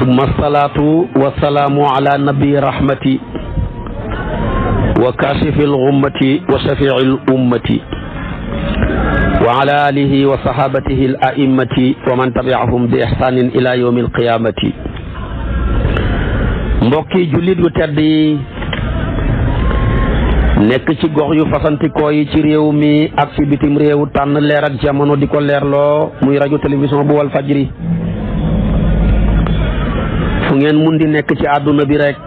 ثم الصلاة والسلام على نبي رحمة وكاشف الغمة وشفيع الأمة وعلى آله وصحابته الأئمة ومن تبعهم بإحسان إلى يوم القيامة موكي جليد وتدي nek ci gox yu fassanti ko yi ci rew mi ak ci bitim rew tan leer ngeen mun di nekk ci àdduna bi rekk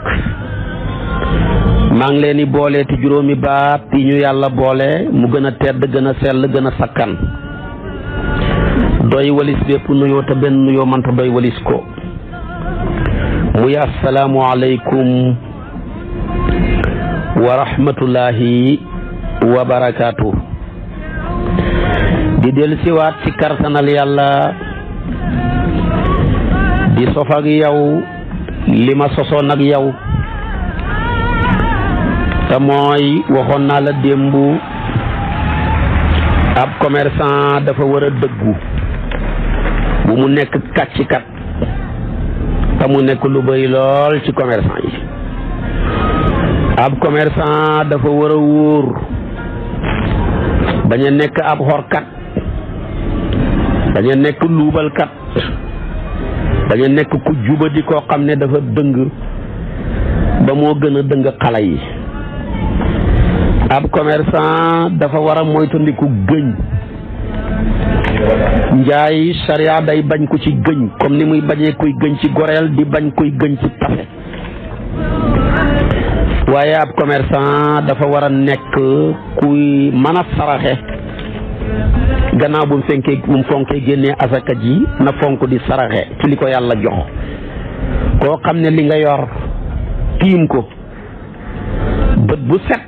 maa ngi leen di boole ti juróomi baat yi ñu yàlla boole mu gën a tedd gën a sell gën a sakkan doy walis bépp nuyoo te benn nuyoo mënta doy walis ko muy asalaamu aleykum wa rahmatullahi wa di del siwaat ci kartanal yàlla di sof ak yow li ma sosoon ak yow te mooy waxoon naa la démb ab commerçant dafa war a dëggu bu mu nekk kàccikat te mu nekk lu bari lool ci commerçant yi ab commerçant dafa war a wóor bañ a nekk ab xorkat bañ a nekk luubalkat bañ a nekk ku jubadi koo xam ne dafa dëng ba moo gën a dëng xale yi ab commerçant dafa war a moytandiku gëñ njaay sariya day bañ ko ci gëñ comme ni muy bañee kuy gëñ ci goreel di bañ kuy gëñ ci tafe waaye ab commerçant dafa war a nekk kuy mën a saraxe gannaaw bu mu fenkee bu mu asaka ji na fonku di saraxé ci liko yalla jox ko xamné li nga yor tim ko bët bu set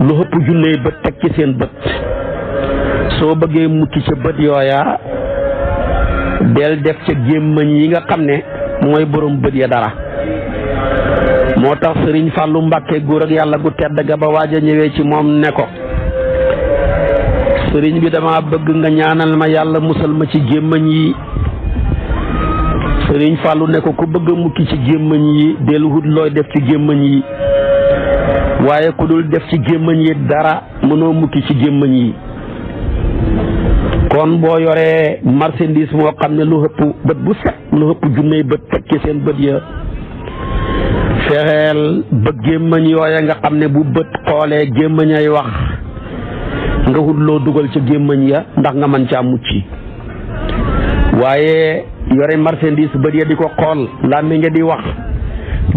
lu ëpp junnee ba tek ci seen bët so bëggé mucc ci bët yoya del def ci menyinga yi nga xamné moy borom bët ya dara motax serigne sëriñ mbacké Mbàkke ak yalla gu tedd ga ba waja ñëwé ci mom sëriñ bi dama bëgg nga ñaanal ma yàlla musal ma ci gémmañ yi sëriñ fàllu ne ko ku bëgg a mukki ci gémmañ yi dellu hut looy def ci gémmañ yi waaye ku dul def ci gémmañ yi dara mënoo mukki ci gémmañ yi kon boo yoree marchandise moo xam ne lu hëpp bët bu set lu hëpp junney bët tekki seen bët ya fexeel ba gémmañ yooya nga xam ne bu bët xoolee gémmañ ay wax nga wut loo dugal ngaman gemmañ ya ndax nga man caa mucc waye yore marchandise bët ya di ko jadi wah. nga di wax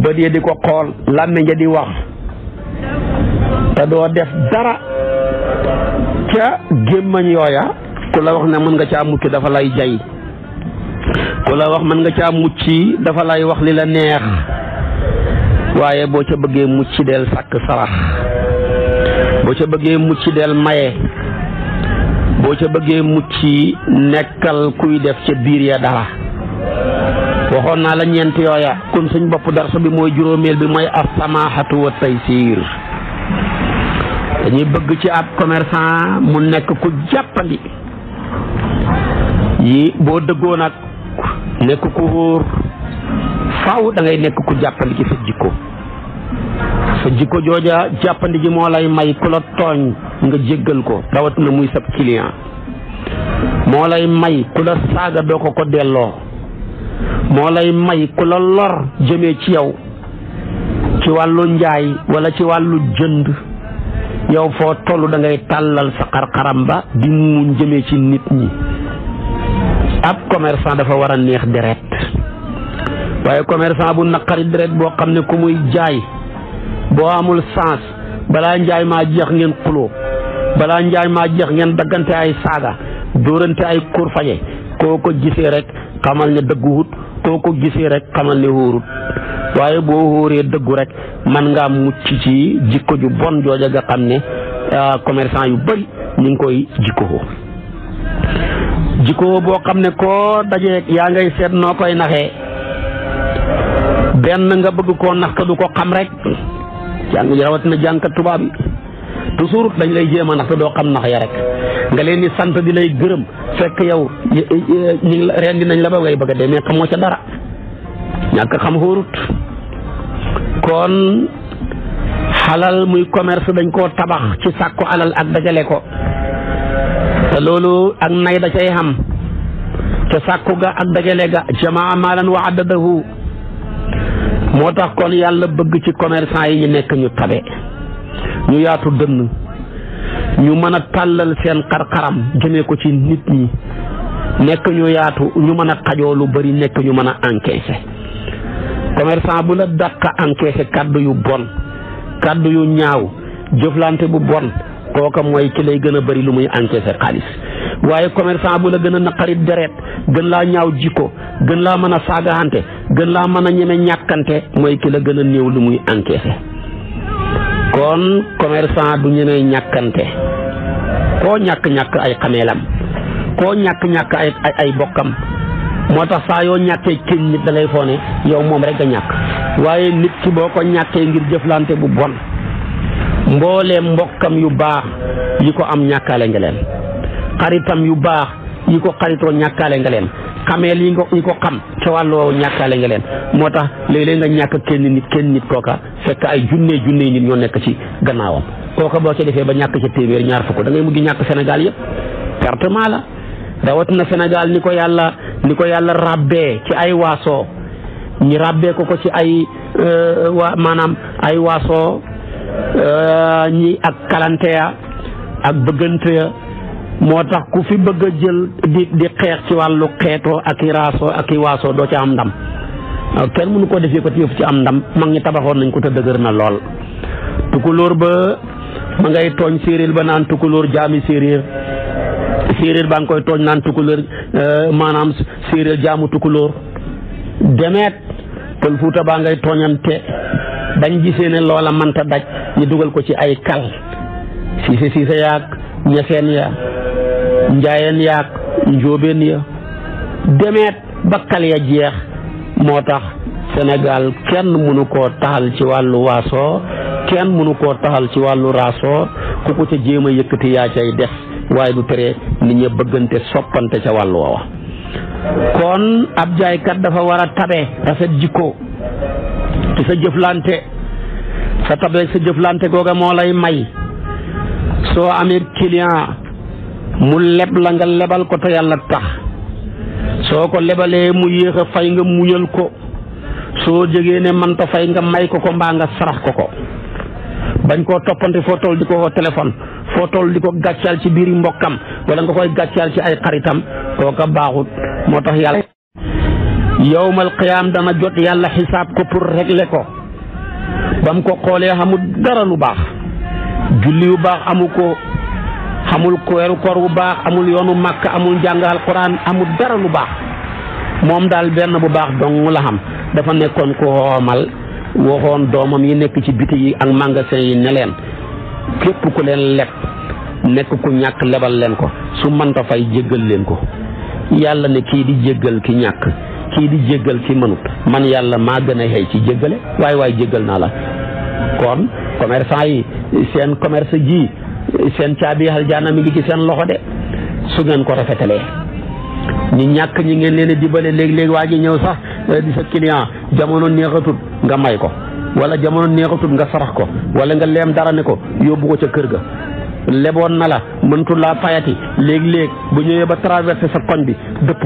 bët ya di ko xool làmmiñ nga ya di wax ta do def dara ca gémmañ yooya ku la wax ne mën nga caa mucc dafa lay jay wax man nga dafa lay wax lila neex waye bo ca beugé mucci del sak sarax bo ca bëggee mucc del maye bo ca bëggee mucc nekkal kuy def ci biir ya dara waxon na la ñeent yooya kon suñ bopp darsa bi moy juromel bi moy as-samahatu wa taysir dañuy bëgg ci ab commerçant mu nekk ku jappali yi bo deggo nak nekk ku faaw da ngay nekk ku jappali ci sa jikko sa jikko jooja jàppandi ji moo lay may ku la tooñ nga jéggal ko rawat na muy sab client moo lay may ku la saaga doo ko ko delloo moo lay may ku la lor jëmee ci yow ci wàllu njaay walla ci wàllu jënd yow foo tollu da ngay tàllal sa xarxaram ba di muñ jëmee ci nit ñi ab commerçant dafa war a neex deret waye commerçant bu nakari dret bo xamne ku muy jaay bo amul sens bala njaay ma jeex ngeen xuloo bala njaay ma jeex ngeen daggante ay saga dóorante ay kurfaje koo koko gisé rek xamal ni deggu wut koko gisé rek xamal ni wóorut waye bo wóoree deggu rek man nga mucc ci jikko ju bon jooja ga xamne ah, commerçant yu bari ni ngoy jikko jikkoo jikko bo xamne ko dajé dajee ngay nokoy naxé benn nga bëgg koo nax te du ko xam rek jàng rawatina jàngkat tubaab yi toujours dañ lay jéem a nax te doo xam nax ya rek nga leen di sant di lay gërëm fekk yow ñu ngi reen di nañ la ba ngay bëgg a dee mais xamoo ca dara ñàkk xam xóorut kon xalal muy commerce dañ koo tabax ci sàkku alal ak dajale ko te loolu ak nay da cay xam ca sàkku ga ak dajale ga jamaa maalan wa addadahu moo tax kon yàlla bëgg ci commerçant yi ñu nekk ñu tabe ñu yaatu dënn ñu mën a tàllal seen xarxaram xaram ko ci nit ñi nekk ñu yaatu ñu mën a xajoo lu bari nekk ñu mën a encaisser commerçant bu la dàq encaisser kàddu yu bon kàddu yu ñaaw jëflante bu bon kooka mooy ki lay gën a bari lu muy encaisser xaalis waaye commerçant bu la gën a naqarit deret gën laa ñaaw jikko gën laa mën a saagaxante gën laa mën a ñeme ñàkkante mooy ki la gën a néew lu muy encaissé kon commerçant du ñeme ñàkkante koo ñàkk-ñàkk ay xameelam koo ñàkk-ñàkk ay ay bokkam moo tax saa yoo ñàkkee kenn nit da yow moom rek a ñàkk waaye nit ki boo ko ñàkkee ngir jëflante bu bon mbooleem mbokkam yu baax yi ko am ñàkkaale nga xaritam yu baax yi ko xaritoo ñàkkaale nga leen xameel yi nga yi ko xam ca wàlloo ñàkkaale nga leen moo tax léeg-léeg nga ñàkk kenn nit kenn nit kooka fekk ay junne junne nit ñoo nekk ci gannaawam kooka boo ci defee ba ñàkk ca téeméer ñaar fukk da ngay mujj ñàkk Sénégal yëpp pertement la rawatina Sénégal ni ko yàlla ni ko yàlla ràbbee ci ay waasoo ñi ràbbee ko ko ci ay euh, waa maanaam ay waasoo euh, ñi ak kalante ya ak bëggante ya motax ku fi bëgg jël di di xex ci walu xeetoo ak i ak i do ci am ndam waaw kenn mënu ko defee ko ci ci am ndam mag ñi tabaxoon nañ ko te dëgër na lool tukulor ba ma ngay togn séeréer ba naan tukulor jami séeréer séeréer ba ngi koy tooñ naan tukulóor euh, maanaam séeréer jaamu tukulóor demeet pël fuuta ba ngay tooñante bañ gisee ne loola ta daj ñu duggal ko ci ay kal ñe ya njaayeen yaag njóobeen ya demeet bakkal ya jeex moo tax Sénégal kenn mënu koo taxal ci wàllu waasoo kenn mënu koo taxal ci wàllu raasoo ku ko ca jéema a yëkkati yaa cay def waaye bu tere nit ña bëggante soppante ca wàllu woowa kon ab jaaykat dafa war a tabe rafet jikko ci sa jëflante sa tabeeg sa jëflante googa moo lay may soo amee client mu leb la nga lebal ko te yàlla tax soo ko lebalee mu yéex a fay nga muñal ko soo jegee ne manta fay nga may ko ko mbaa nga sarax ko ko bañ koo toppante foo toll di ko woo téléphone foo di ko gàccaal ci biir mbokkam wala nga koy gàccaal ci ay xaritam a baaxut moo tax yàlla yowmal qiyaam dana jot yàlla xisaab ko pour régler ko ba ko xoolee xamul dara lu baax julli yu baax amu ko amul weeru kor bu baax amul yoonu màkk amul jàngal quran amul dara lu baax moom daal benn bu baax dong la xam dafa nekkoon ku xoomal waxoon doomam yi nekk ci biti yi ak magasin yi ne leen képp ku leen leb nekk ku ñàkk lebal leen ko su mënta fay jéggal leen ko yàlla ne kii di jéggal ki ñàkk kii di jéggal ki mënut man yàlla maa gën a xëy ci jéggale waaye waaye jéggal naa la kon commerçant yi seen commerce ji seen caabi aljanna mi ngi ci seen loxo de su ngeen ko rafetalee ñu ñàkk ñi ngeen leen dibale léeg-léeg waa ji ñëw sax eh, di sa client jamono neexatut nga may ko wala jamono neexatut nga sarax ko wala nga leem dara ne ko yóbbu ko ca kër ga leboon na la mëntu laa fayati léegi léeg bu ñëwee ba traversé sa koñ bi dëpp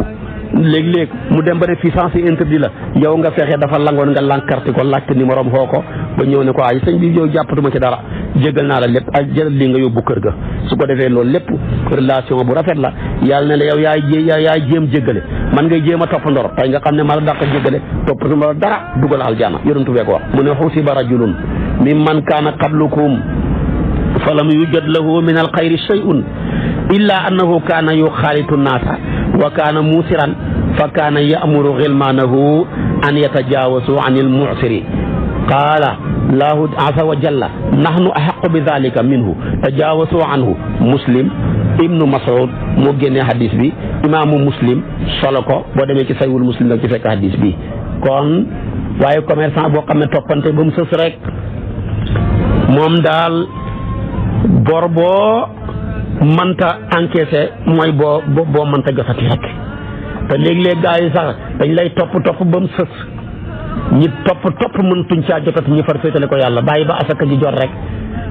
léeg-léeg mu dem ba ne puissance interdit la yow nga fexe dafa langoon nga lànkarti ko lakk ni am xoo ko ba ñëw ne ko ay bi yow jàppatuma ci dara jégal naa la lépp ak jëral lii nga yóbbu kër ga su ko defee loolu lépp relation bu rafet la yàlla ne la yow yaay jé yaay jéem jéggale man ngay jéem a topp ndor nga xam ne ma la dàq jéggale topp ndor dara dugal aljana yonentu bee ko wax mu ne xusiba rajulun man kaana qablukum falam yujad lahu min alxayri shay'un illa annahu kaana yuxaalitu naasa wa kaana muusiran fa kaana ya'muru gilmaanahu an yatajaawasu an almuusiri qaala laahu azza wa jalla nahnu ahaqu bi dalika minhu tajaawasu anhu muslim ibnu mas'ud moo génnee hadis bi imaamu muslim solo ko boo demee ci saywul muslim nag ci fekk hadis bi kon waaye commerçant boo xam ne toppante ba mu sës rek moom daal bor boo mënta encaissé mooy boo boo mënta jotati rek te léeg-léeg gars yi sax dañ lay topp topp ba mu sës ñi topp topp mëntuñ caa jotati ñu far féetale ko yàlla bàyyi ba asaka ji jot rek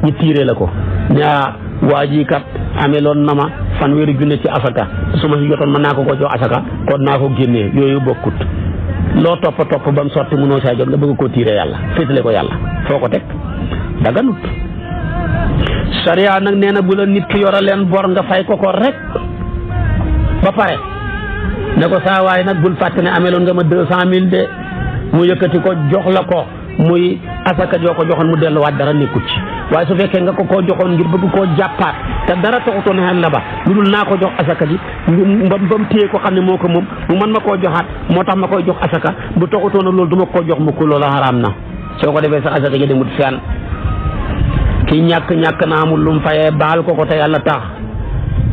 ñu tiiree la ko ne ah waa ji na ma fanweeri junne ci asaka su ma si jotoon mën naa ko ko jox asaka kon naa ko génnee yooyu bokkut loo topp topp ba mu sotti mënoo saa jot nga bëgg koo tiiree yàlla féetale ko yàlla foo ko teg daganut sariya nag nee na bu la nit ki yore leen bor nga fay ko ko rek ba pare ne ko saa waay nag bul fàtte ne nga ma deux mu yëkkati ko jox la ko muy asaka joo ko joxoon mu delluwaat dara nekku ci waaye su fekkee nga ko koo joxoon ngir bëgg koo jàppaat te dara na xel na ba lu dul naa ko jox asaka ji ba ba mu téye ko xam ne moo ko moom mu mën ma koo joxaat moo tax ma koy jox asaka bu taxutoon loolu du ma jox mukk loolu xaraam na soo ko defee sax asaka ji demut fenn ki ñàkk ñàkk naa mu lu mu fayee baal ko ko te yàlla tax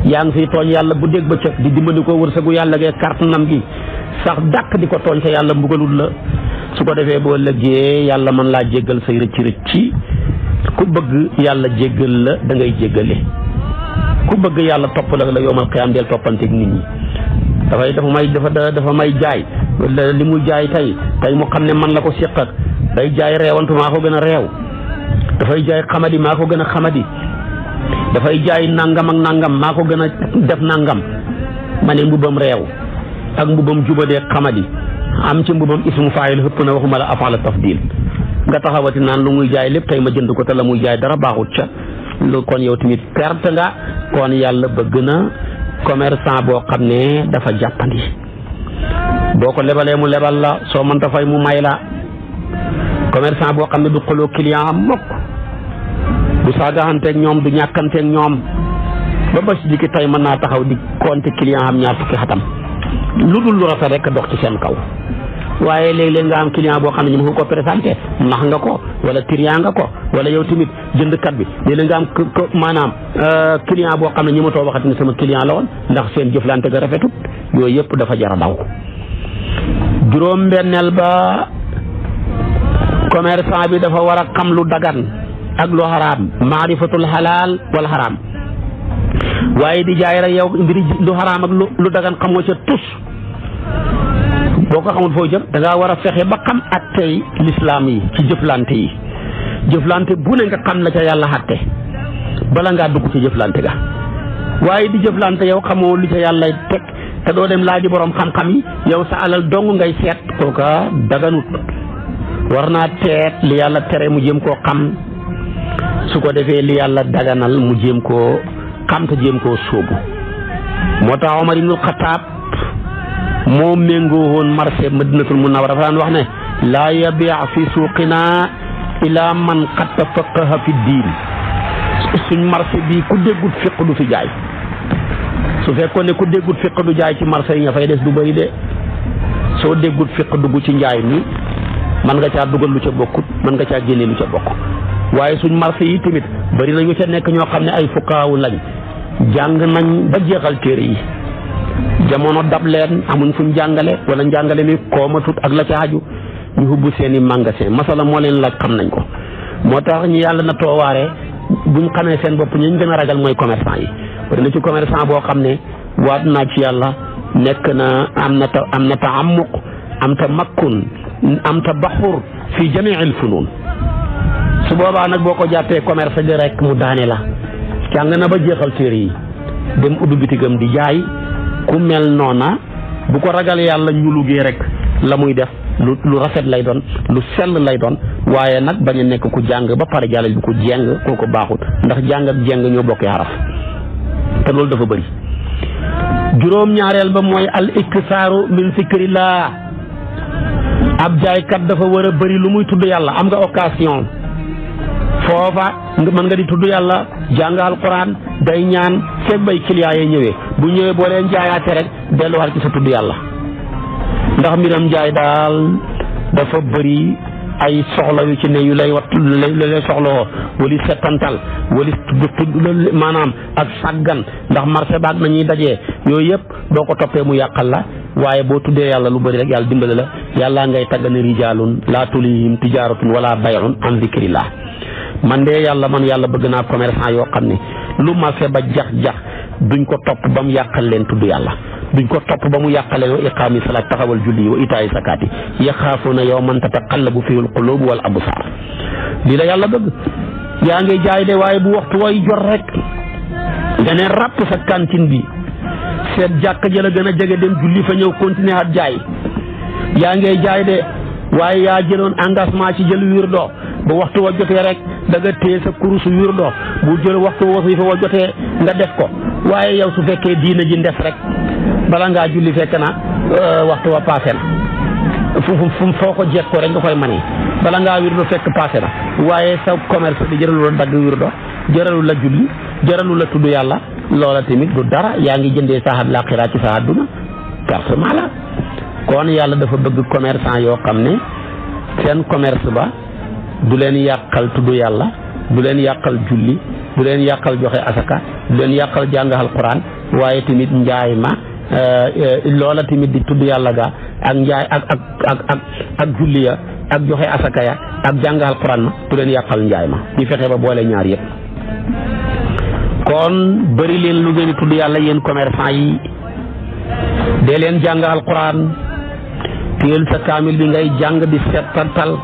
yaa ngi fiy tooñ yàlla bu dégg ba cëg di dimbali ko wërsëgu yàlla gee kàttanam gi sax dàq di ko tooñ te yàlla mbugalul la su ko defee boo lëggee yàlla mën laa jéggal say rëcc rëcci ku bëgg yàlla jéggal la dangay ngay jéggale ku bëgg yàlla topp la la yoomal xiyaam del toppanteeg nit ñi dafay dafa may dafa dafa may jaay li mu jaay tey tey mu xam ne man la ko séq ak day jaay reewantu maa ko gën a reew dafay jaay xamadi maa ko gën a xamadi dafay jaay nangam ak nangam maa ko gën a def nangam ma ne mbubam reew ak mbubam jubadee xamadi am ci mbubam ismu fa'il xëpp na waxuma la afala tafdil nga taxawati nan lu muy jaay lepp tay ma jënd ko te la muy jaay dara baaxut ca lu kon yow timit perte nga kon yalla bëgg na commerçant bo xamne dafa jappandi boko lebalé mu lebal la man ta fay mu may la commerçant bo xamne du xolo client am mukk du ak ñom du ak ñom ba bés tay man na taxaw di client am ñaar fukki xatam ludul lu rafet rek dox ci sen kaw waye leg leg nga am client bo xamni mu ko présenté nax nga ko wala client nga ko wala yow jënd kat bi leg leg nga am euh client bo xamni ne ñi ma waxati sama client la won ndax sen jëflante ga rafetut yoy yëpp dafa jara daw juroom bennel ba commerçant bi dafa wara xam lu dagan ak lu haram ma'rifatul halal wal haram waye di jaay ra yow mbiri lu haram ak lu dagan xamoo ca tus boo ko xamul foo jëm da war a fexe ba xam attey lislaam yi ci jëflante yi jëflante bu ne xam la ca yàlla xatte bala ngaa dugg ci jëflante ga waaye di jëflante yow xamoo li ca yàlla teg te doo dem laaji boroom xam-xam yi yow sa alal dong ngay seet kooka daganut war naa teet li yàlla tere mu jëm koo xam su ko defee li yàlla daganal mu jéem koo xam te jéem koo sóobu moo tax Omar ibnul Xataab moo méngoo woon na marché madinatul munawara daan wax ne laa yabiix fi suuqinaa ilaa man qad tafaqaha fi diin suñ marché bi ku déggut fiq du fi jaay su fekkoon ne ku déggut fiq du jaay ci marché yi ña fay des du bëri de soo déggut fiq dugg ci njaay mi mën nga caa dugal lu ca bokkut mën nga caa génnee lu ca bokk waaye suñ marché yi tamit bëri nañu ca nekk ñoo xam ne ay fukkaawu lañ jàng nañ ba jeexal téere yi jamono dab leen amuñ fuñ jàngale wala njàngale mi koomatut ak la ca aju ñu hubbu seeni magasin masala moo leen laaj xam nañ ko moo tax ñu yàlla na toowaare buñ xamee seen bopp ñu gën a ragal mooy commerçant yi bari na ci commerçant boo xam ne waat naa ci yàlla nekk na am na ta am na ta ammuq am ta makkun am ta baxur fi jamiil funuun su boobaa nag boo ko jàppee commerce bi rek mu daane la jàng na ba jeexal téere yi dem ubbi bitigam di jaay ku mel noona bu ko ragal yàlla ñu ñulugee rek la muy def lu lu rafet lay doon lu sell lay doon waaye nag bañ a nekk ku jàng ba pare jàllal bi ku jàng kooku baaxut ndax jàng ak jàng ñoo bokkee loolu dafa bëri juróom ñaareel ba mooy al iktisaaru min sikrillah ab jaaykat dafa war a bëri lu muy tudd yàlla am nga occasion foofa mën nga di tudd yàlla jàng alquran day ñaan feeg bay clients ñëwee bu ñëwee boo leen jaayaate rek delluwaat ci sa tudd yàlla ndax mbiram njaay daal dafa bëri ay soxla yu ci ne yu lay wat lu lay soxlawoo wali settantal wali tudd maanaam ak sàggan ndax marché baag nañuy dajee yooyu yëpp doo ko toppee mu yàqal la waaye boo tuddee yàlla lu bëri rek yàlla dimbale la yàllaa ngay tàggane rijaalun laa tulihim tijaaratun wala bayun an dikrillah man de yàlla man yàlla bëgg naa commerçant yoo xam ne lu marché ba jax-jax duñ ko topp ba mu yàqal leen tudd yàlla duñ ko topp ba mu yàqaleen wa iqaami salaat taxawal julli wa itaayi sakaati yaxaafuuna yawman tataqallabu fihi alquluub wal absaar lii la yàlla bëgg yaa ngi jaay de waaye bu waxtu way jot rek nga ne ràpp sa cantine bi seet jàkk jëla gën a jege dem julli fa ñëw continuer jaay yaa ngi jaay de waaye yaa jëloon engagement ci jël doo bu waxtu wa jotee rek da nga téye sa kurusu wirdo bu jël waxtu wasifa wa jotee nga def ko waaye yow su fekkee diina ji ndef rek bala ngaa julli fekk na euh, waxtu wa paase na fu foo ko jeeg ko rek nga koy mane bala ngaa wirdo fekk paase na waaye sa commerce bi jëralu la dagg wirdo jëralu la julli jaralu la tudd yàlla loola tamit du dara yaa ngi jëndee saaxaat laaxira ci sa àdduna perte la kon yalla dafa bëgg commerçant yo xam ne seen commerce ba du len yakal tuddu yalla du len yakal julli du len yakal joxe asaka du len yakal jang alquran waye timit njaay ma eh, eh, loola timit di tuddu yalla ga ak njaay ak ak ak ak julli ya ak joxe asaka ya ak janggal alquran ma du len yakal njaay ma di fexé ba boole ñaar yépp kon bari len lu gëni tuddu yalla yeen commerçant yi de len jang alquran téyel sa kaamil bi ngay jàng di settantal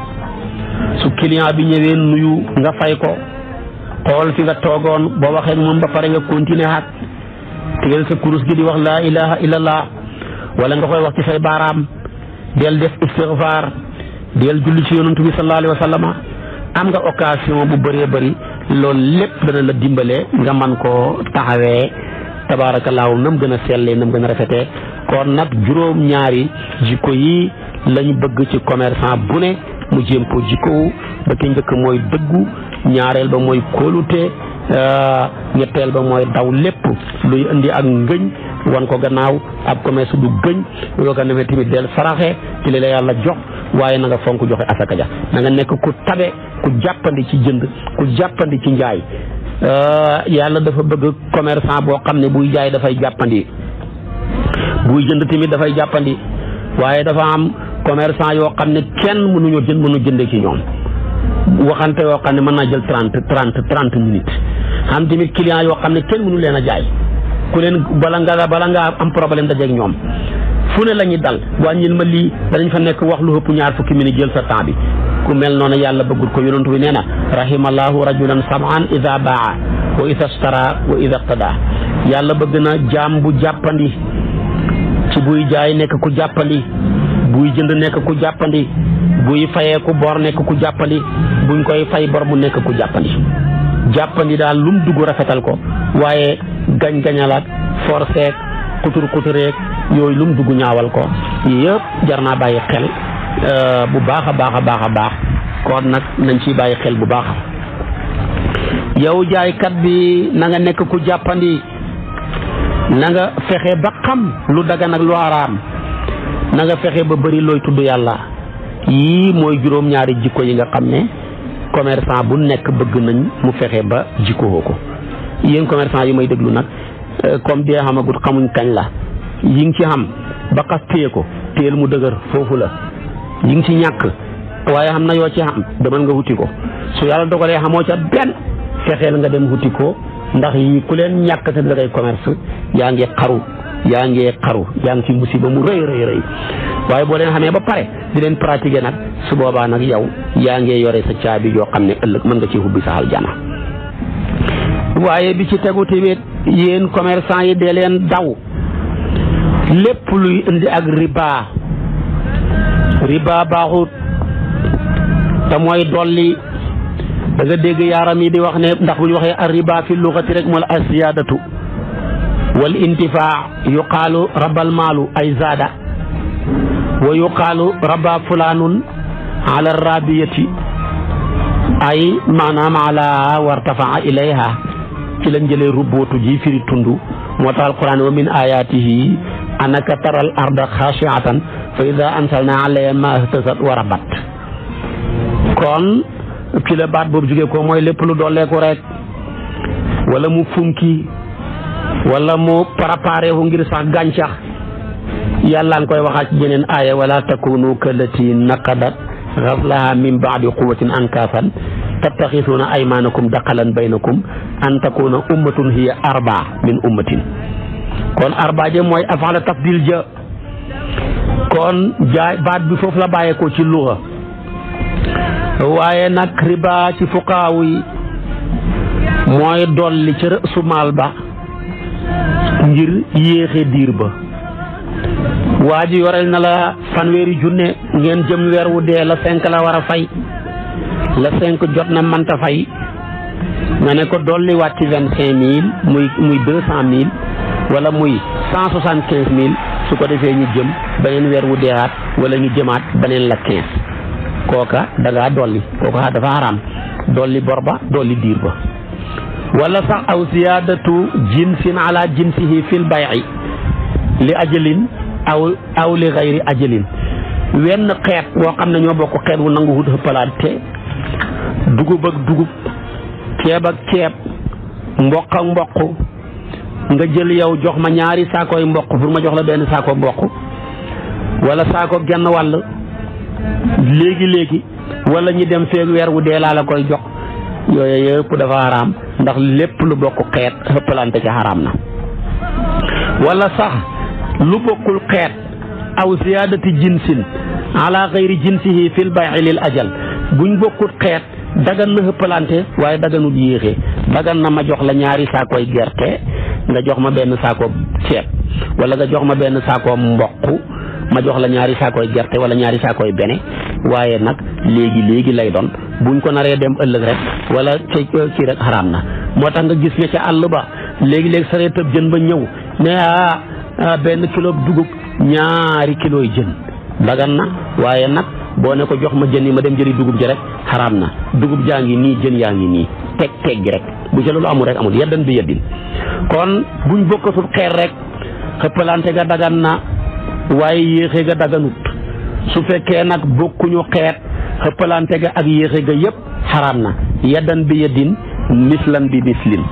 su client bi ñëwee nuyu nga fay ko xool fi nga toogoon boo waxee moom ba pare nga continuer haat sa kurus gi di wax laa ilaha illallah wala nga koy wax ci say baaraam del def istighfar del julli ci yonantu bi sallallahu alayhi wa sallama am nga occasion bu bëree bëri lool lépp dana la dimbale nga man koo taxawee tabaarakallaahu nam gën a sellee nam gën a rafetee kon nag juróom ñaari jikko yi lañu bëgg ci commerçant bu ne mu jéem ko jikkowu ba ki njëkk mooy dëggu ñaareel ba mooy kóolute euh, ñetteel ba mooy daw lépp luy indi ak ngëñ wan ko gannaaw ab commerce bu gëñ ko defee tamit del saraxe ci li la yàlla jox waaye na nga fonk joxe asaka ja na nga nekk ku tabe ku jàppandi ci jënd ku jàppandi ci njaay euh, yàlla dafa bëgg commerçant boo xam ne buy jaay dafay jàppandi buy jënd tamit dafay jàppandi waaye dafa am commerçant yoo xam ne kenn mënuñoo jënd mënu jënde ci ñoom waxante yoo xam ne mën naa jël trente trente trente minutes am tamit client yoo xam ne kenn mënu leen a jaay ku leen bala nga bala ngaa am problème dajeeg ñoom fu ne la ñuy dal wàññil ma lii dañ fa nekk wax lu ëpp ñaar fukki ni jël sa temps bi ku mel noonu yàlla bëggul ko yonent bi nee na rahimallahu rajulan saman ida baa wa ida stara wa ida qtada yàlla bëgg na jaam bu jàppandi ci buy jaay nekk ku jàppandi buy jënd nekk ku jàppandi buy fayee ku bor nekk ku jàppandi buñ koy fay bor mu nekk ku jàppandi jàppandi daal lum dugg rafetal ko waaye gañ-gañalaak forceek kutur kutureek yooyu lu mu dugg ñaawal ko yii jar naa bàyyi xel euh, bu baax a baax a baax a baax kon nag nañ ci bàyyi xel bu baax yow jaaykat bi na nga nekk ku jàppandi na nga fexe ba xam lu dagan ak lu araam na nga fexe ba bëri looy tudd yàlla yii mooy juróom-ñaari jikko yi nga xam ne commerçant bu nekk bëgg nañ mu fexe ba jikkoo ko yéen commerçant yi may déglu nag euh, comme dee xamagut xamuñ kañ la yi ngi ci xam ba xas téye ko téyel mu dëgër foofu la yi ngi ci ñàkk waaye xam na yoo ci xam demal nga wuti ko su yàlla dogalee xamoo ca benn fexeel nga dem wuti ko ndax yi ku leen ñàkk te dangay commerce yaa ngi xaru yaa ngi xaru yaa ngi ci musiba mu rëy rëy rëy waaye boo leen xamee ba pare di leen pratiquer nag boobaa nag yow yaa ngi yore sa caabi yoo xam ne ëllëg mën nga ci hubbi sa aljana waaye bi ci tegu tamit yéen commerçant yi dee leen daw lépp luy indi ak riba riba baaxut te mooy dolli da nga dégg yaaram yi di wax ne ndax bu ñu waxee ar riba fi lugati rek mooy asiyaadatu wal intifaa yuqaalu rabal maalu ay zaada wa yuqaalu raba fulaanun ala rabiyati ay maanaam ala wartafaa ilayha ci lañ jëlee rubbootu ji firi tund moo tax alquran wa min ayaatihi anaka taral arda xaashiatan fa ida ansalna alayha ma ihtasat wa kon ci la baat boobu jógee ko mooy lépp lu dooleeku rek wala mu funki wala mu préparé ngir sax gàncax yàlla ngi koy waxaat ci jeneen aaya wala takunu kallati naqadat gazlaha min baadi quwatin ankaasan tattaxisuuna aymanakum daqalan baynakum an takuna ummatun hiya arba min ummatin kon arbaaje mooy afaala tafdil ja kon jaay baat bi foofu la bàyyeekoo ci luxa waaye nag riba ci fuqaaw yi mooy dolli ci rësu maal ba ngir yéexe diir ba waa ji yoreel na la fanweeri junne ngeen jëm weer wu dee la cinq la war a fay la cinq jot na mënta fay nga ne ko dolli waat ci vingt cinq muy muy deux cent mille wala muy cent soixante quinze mille su ko defee ñu jëm beneen weer wu deewaat wala ñu jëmaat beneen la quinze kooka da ngaa dolli kooka dafa xaraam dolli bor ba dolli diir ba wala sax aw ziyaadatu jinsin ala jinsihi fil bay'i li ajalin aw aw li xayri ajalin wenn xeet woo xam ne ñoo bokk xeet wu nangu wut xëppalaante dugub ak dugub ceeb ak ceeb mboq ak mboq nga jël yow jox ma ñaari saakooy mboq pour ma jox la benn saako mboq wala saako genn wàll léegi léegi wala ñi dem feeg weer wu dee laa la koy jox yooyu yëpp dafa xaraam ndax lépp lu bokk xeet xëppalante ci xaraam na wala sax lu bokkul xeet aw ziyaadati jinsin ala xayri jinsihi fil bay'i lil ajal buñ bokkul xeet dagan na xëppalante waaye daganul yéexee dagan na ma jox la ñaari saakoy gerte nga jox ma benn saako ceeb wala nga jox ma benn saako mboq ma jox la ñaari saakooy gerte wala ñaari saakooy bene waaye nag léegi léegi lay doon buñ ko naree dem ëllëg rek wala ci kii rek xaraam na moo tax nga gis nga ca àll ba léegi léegi saree tëb jën ba ñëw ne ah, ah benn kilo dugub ñaari kilo yi jën dagan na waaye nag boo ne ko jox ma jën yi ma dem jëli dugub ji rek xaraam na dugub jaa ngi nii jën yaa ngi nii teg teg gi rek bu ca loolu amul rek amul yeddan bi yeddin kon buñ bokkatul xeer rek xëppalante ga dagan na waaye yéexe ga daganut su fekkee nag bokkuñu xeet xëppalante ga ak yéexe ga yépp xaraam na yeddan bi yeddin mislan bi mislin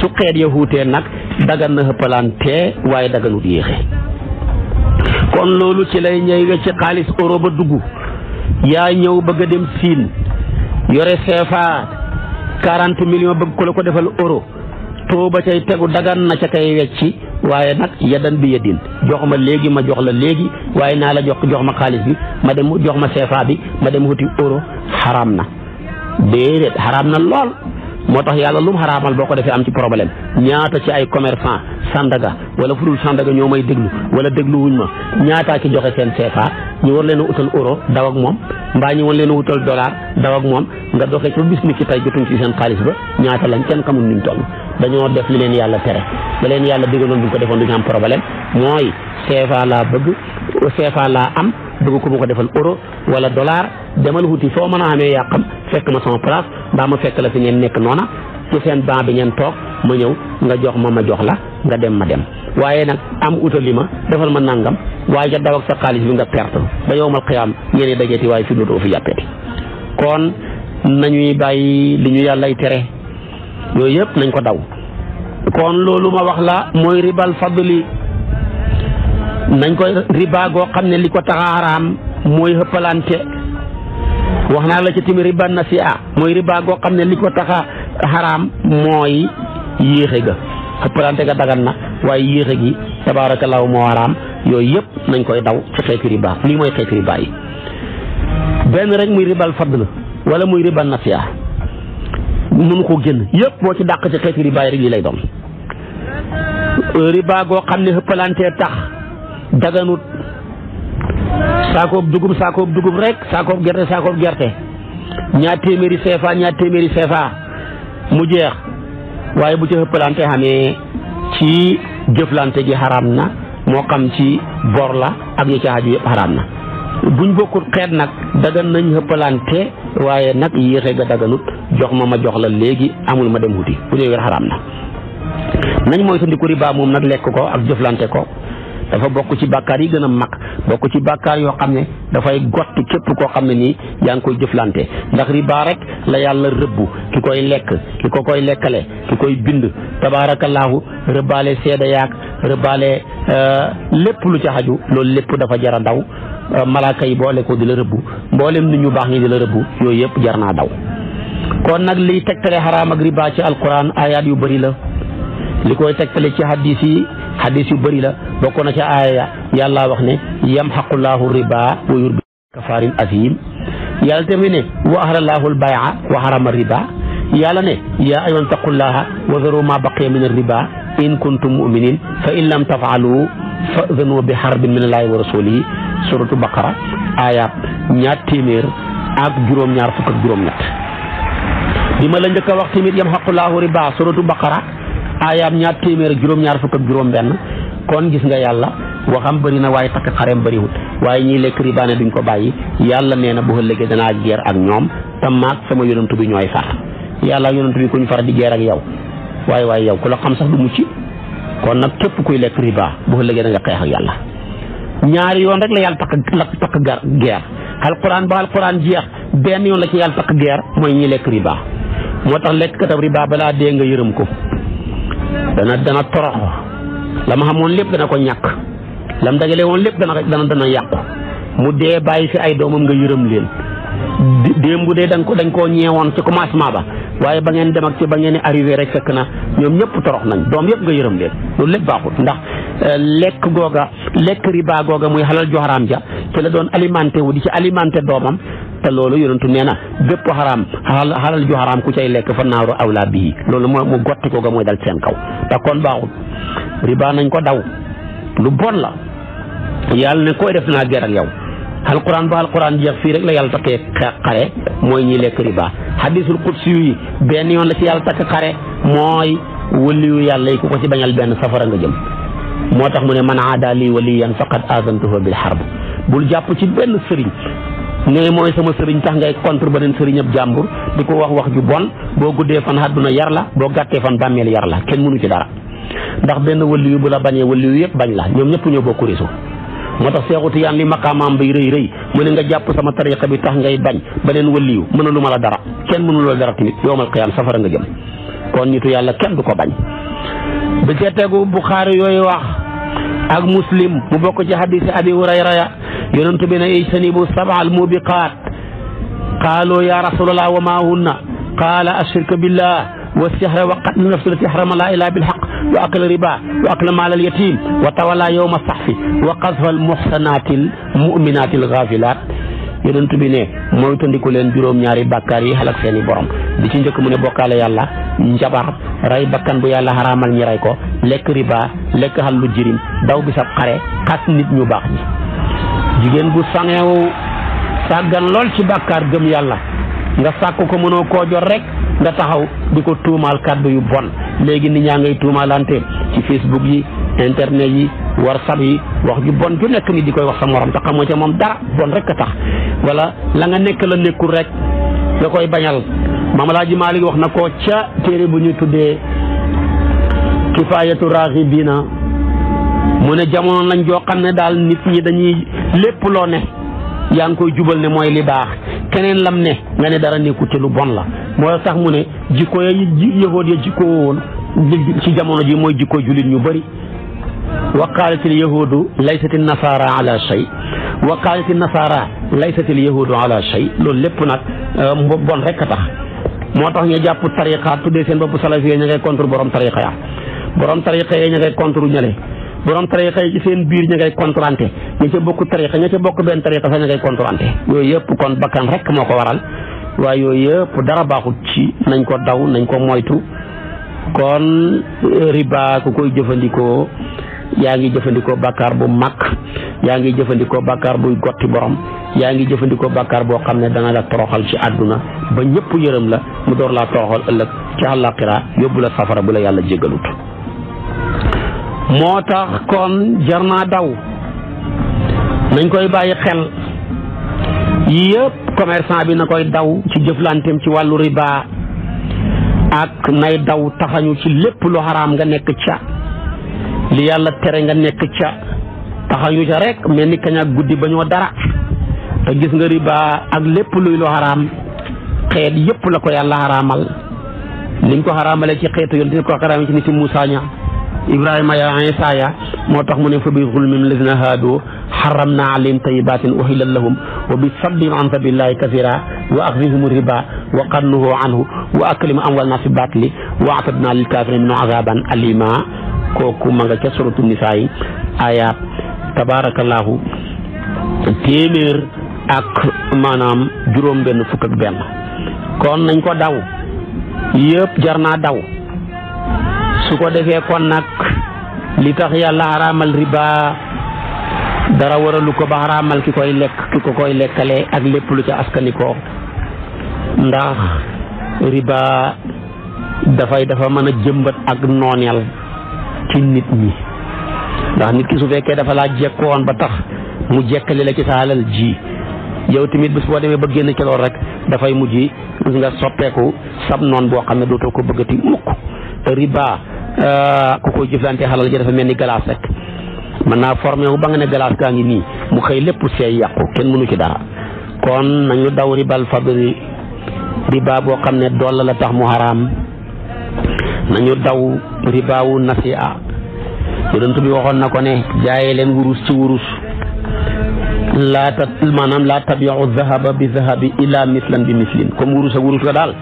su xeet ya xuutee nag dagan na xëppalante waaye daganut yéexe kon loolu ci lay ñëw nga ci xaalis euro ba dugg yaa ñëw bëgg a dem siin yore CFA quarante millions bëgg ko la ko defal euro taux ba cay tegu dagan na ca kay wecci waaye nag yeddan bi yadin jox ma léegi ma jox la léegi waaye naa la jox jox ma xaalis bi ma dem jox ma CFA bi ma dem wuti euro xaraam na déedéet xaraam na lool moo tax yàlla lu mu xaraamal boo ko defee am ci problème ñaata ci ay commerçant sandaga wala furul sandaga ñoo may déglu wala déglu wuñ ma ñaataa ci joxe seen CFA ñu war leen a utal euro daw ak moom mbaa ñu war leen a utal dollar daw ak moom nga doxee ci bis ni ki tey jotuñ ci seen xaalis ba ñaata lañ kenn xamul ni mu dañoo def li leen yàlla tere da leen yàlla digaloon bu ko defoon du ñu am problème mooy CFA laa bëgg CFA laa am bëgg ku ma ko defal euro wala dollar demal wuti foo mën a amee yàqam fekk ma sama place mbaa ma fekk la fi ngeen nekk noona ci seen banc bi ngeen toog ma ñëw nga jox ma ma jox la nga dem ma dem waaye nag am utali ma defal ma nangam waaye ja daw ak sa xaalis bi nga perte ba yowmal xiyaam ngeen dajeeti waaye fi dootoo fi jàppeeti kon nañuy bàyyi li ñu yàllay tere yooyu yëpp nañ ko daw kon loolu ma wax la mooy ribal fadli nañ koy riba goo xam ne li ko tax mooy hëppalante wax naa la ci tamit riba nasi'a mooy riba goo xam ne li ko tax a xaraam mooy yéexe ga xëppalante ga dagan na waaye yéexe gi law moo xaraam yooyu yëpp nañ koy daw ci xeetu riba lii mooy xeetu riba yi benn rek muy ribal na wala muy riba nasi'a mënu ko génn yëpp boo ci dàq ci xeetu riba yi rek yi lay doon riba goo xam ne xëppalante tax daganut saakoob dugub saakoob dugub rek saakoob gerte saakoob gerte ñaar téeméeri CFA ñaar téeméeri CFA mu jeex waaye bu ci ëppalante xamee ci jëflante gi xaraam na moo xam ci bor la ak ñu ci aju yëpp xaraam na buñ bokkul xeet nag dagan nañ ëppalante waaye nag yéexe ga daganut jox ma ma jox la léegi amul ma dem wuti bu dee wér xaraam na nañ mooy sandi ko riba moom nag lekk ko ak jëflante ko dafa bokk ci bàkkaar yi gën a mag bokk ci bàkkaar yoo xam ne dafay gott képp koo xam ne nii yaa ngi koy jëflante ndax riba rek la yàlla rëbbu ki koy lekk ki ko koy lekkale ki koy bind tabaarakallaahu rëbbaale seeda yaag rëbbaale euh, lépp lu ca xaju loolu lépp dafa jara daw euh, malaaka yi boole ko di la rëbbu mboolem nit ñu baax ñi di la rëbbu yooyu yëpp jar naa daw kon nag liy tegtale xaraam ak riba ci alquran ayaat yu bari la li koy tegtale ci hadis xadis yu bëri la bokk na ca aaya yàlla wax ne yamxaqullahu riba wa yurbi kafarin azim yàlla tamit ne wa ahrallahu albay'a wa harama riba yàlla ne yaa ayyuhan taqullaha wa daru ma baqiya min riba in kuntum muminin fa in lam tafaalu fa'zanu bi harbin min allahi wa rasulihi suratu baqara aaya ñaar téeméer ak juróom-ñaar fukk ak juróom-ñett bi ma la njëkk a wax tamit yamxaqullahu riba suratu baqara aayaam ñaar téeméer ak juróom-ñaar fukk ak juróom-benn kon gis nga yàlla waxam bëri na waaye takk xareem bëriwut waaye ñiy lekk ribaane duñ ko bàyyi yàlla nee na bu ëllëgee danaa geer ak ñoom te maag sama yonantu bi ñooy far yàlla ak yonantu bi ku ñu far di geer ak yow waaye waaye yow ku la xam sax du mucc kon nag képp kuy lekk riba bu ëllëgee da nga yàlla ñaari yoon rek la yàlla takk la takk gar geer alquran ba alquran jeex benn yoon la ci yàlla takk geer mooy ñi lekk riba moo tax lekk katab riba balaa dee nga yërëm ko dana dana torox la ma xamoon lépp dana ko ñàkk lam dajale woon lépp dana dana dana yàqu mu dee bàyyi fi ay doomam nga yërëm leen démb bu dee dañ ko dañ koo ñeewoon ci commencement ba waaye ba ngeen dem ak ci ba ngeen arrivé rek fekk na ñoom ñëpp torox nañ doom yëpp nga yërëm leen loolu lépp baaxut ndax euh, lekk googa lekk riba googa muy xalal joxaraam ja ci la doon alimenté wu di ci alimenté doomam te loolu yonentu nee na bépp xaraam xalal ju xaraam ku cay lekk fa naaru awla bii loolu moo mu gotti ko mooy dal seen kaw te kon baaxul riba nañ ko daw lu bon la yàlla ne koy def naa ger ak yow alquran ba alquran jeex fii rek la yàlla takkee xare mooy lekk riba hadisul qudsi benn yoon la ci yàlla takk xare mooy wëliyu yàlla yi ku ko ci bañal benn safara nga jëm moo tax mu ne man aada lii waliyan faqad azantuhu bil harb bul jàpp ci benn sëriñ ne mooy sama sëriñ tax ngay contre beneen sëriñ ab jàmbur di ko wax wax ju bon boo guddee fan àdduna yar la boo gàttee fan bàmmeel yar la kenn mënu ci dara ndax benn wëlliyu bu la bañee wëlliyu yëpp bañ la ñoom ñëpp ñoo bokk réseau moo tax seexu tiyaan li maqaamaam bi rëy rëy mu ne nga jàpp sama tariqa bi tax ngay bañ beneen wëlliyu mënalu ma la dara kenn mënu la dara tamit yoomal qiyaam safara nga jëm kon nitu yàlla kenn du ko bañ bu ca tegu Buxaari yooyu ak muslim mu bokk ci hadisi abi hurayra ya yonentu bi ne ijtanibu sab'al mubiqaat qaalu ya rasulallah wa ma hunna qaala ashirku billah wa sihra wa qatlu nafsi lati harama la ilaha bil haqq wa akla riba wa akla maal al yatim wa tawalla yawma sahfi wa qazfa al muhsanati al mu'minati al ghafilat yonent bi ne mooy tandiku leen juróom-ñaari bàkkaar yi xalak seeni borom bi ci njëkk mu ne bokkaale yàlla njabar rey bakkan bu yàlla xaraamal ñi rey ko lekk lek halu lu jirim daw bi sa xare xas nit ñu bax ni jigen bu sangew sagal lol ci bàkkaar gem yalla nga sakku ko mëno ko jor rek nga taxaw diko tumal kaddu yu bon legi ni ñaa ngay tumalante ci facebook yi internet yi whatsapp yi wax ju bon ju nek ni di wax sa morom te mo ci mom dara bon rek a tax wala la nga nek la nekkul rek da koy bañal Malik wax na ko ca téere bu ñu tuddé kifaayatu raaxibiina mu ne jamono lañ joo xam ne daal nit ñi dañuy lépp loo ne yaa ngi koy jubal ne mooy li baax keneen lam ne nga ne dara nekku ci lu bon la moo tax mu ne jikko ya yahood ya jikko woon ci jamono ji mooy jikko jullit ñu bari wa qaalatil yahuudu laysati nasaara ala shay wa qaalatil nasaara laysatil yahuudu ala shay loolu lépp nag euh, bon rek a tax moo tax ñu jàpp tariqa tuddee seen bopp salafi ya ñu ngay contre borom tariqa ya borom tarixa yi ña ngay contre ñale borom tarixa yi ci seen biir ña ngay contrante ña ca bokk tarixa ña ca bokk benn tarixa sax ña ngay contrante yooyu yëpp kon bakkan rek moo ko waral waaye yooyu yëpp dara baaxut ci nañ ko daw nañ ko moytu kon eh, riba ku koy jëfandikoo yaa ngi jëfandikoo bàkkaar bu mag yaa ngi jëfandikoo bàkkaar buy gotti borom yaa ngi jëfandikoo bakkaar boo xam ne dana la toroxal ci àdduna ba ñëpp yërëm la mu door laa toroxal ëllëg ci àllaaxira yóbbu la safara bu la yàlla jégalut moo tax kon jar naa daw nañ koy bàyyi xel yëpp commerçant bi na koy daw ci jëflanteem ci wàllu riba ak nay daw taxañu ci lépp lu xaraam nga nekk ca li yàlla tere nga nekk ca taxañu ca rek mel ni kañ ak guddi ba ñoo dara te gis nga riba ak lépp luy lu xaraam xeet yëpp la ko yàlla xaraamal liñ ko xaraamale ci xeetu yoon dina ko xaraamale ci nit yi Muusaa ña ibrahima ya isa ya moo tax mu ne fa bi zulmin lazina haadu xaram na alayhim tayibatin uhillat lahum wa bi saddihim an sabilillahi kasira wa akhdihim riba wa qannuhu anhu wa aklihim amwal nas fi batli wa atadna lil kafirin minhu azaban alima kooku ma nga ca suratu nisaa yi ayaat tabarakallahu téeméer ak maanaam juróom benn fukk ak benn kon nañ ko daw yëpp jar naa daw su ko defee kon nak li tax yalla haramal riba dara waralu ko ba xaraamal ki koy lek, ki ko koy lekale ak lepp lu ci askaniko ndax riba fay dafa mana jembat jëmbat ak nonel ci nit ñi ndax nit ki su fekke dafa la jekkoon ba tax mu jekkali la ci salal ji yow timit bis bo demé ba genn ci loolu rek fay mujj nga soppeku sab non bo xamne doto ko bëggati mukk riba Euh, ku koy jëflante xalal ji dafa mel ni glace rek mën naa formé wu ba nga ne glace gaa ngi nii mu xëy lépp seey yàqu kenn mënu ci dara kon nañu daw ribal fadri riba boo xam ne dolla la tax mu xaraam nañu daw ribaawu nasi'a yonent bi waxoon na ko ne jaayee leen wurus ci wurus laa ta maanaam laa tabiu zahaba bi zahabi illa mislan bi mislin comme wurus ak wurus la daal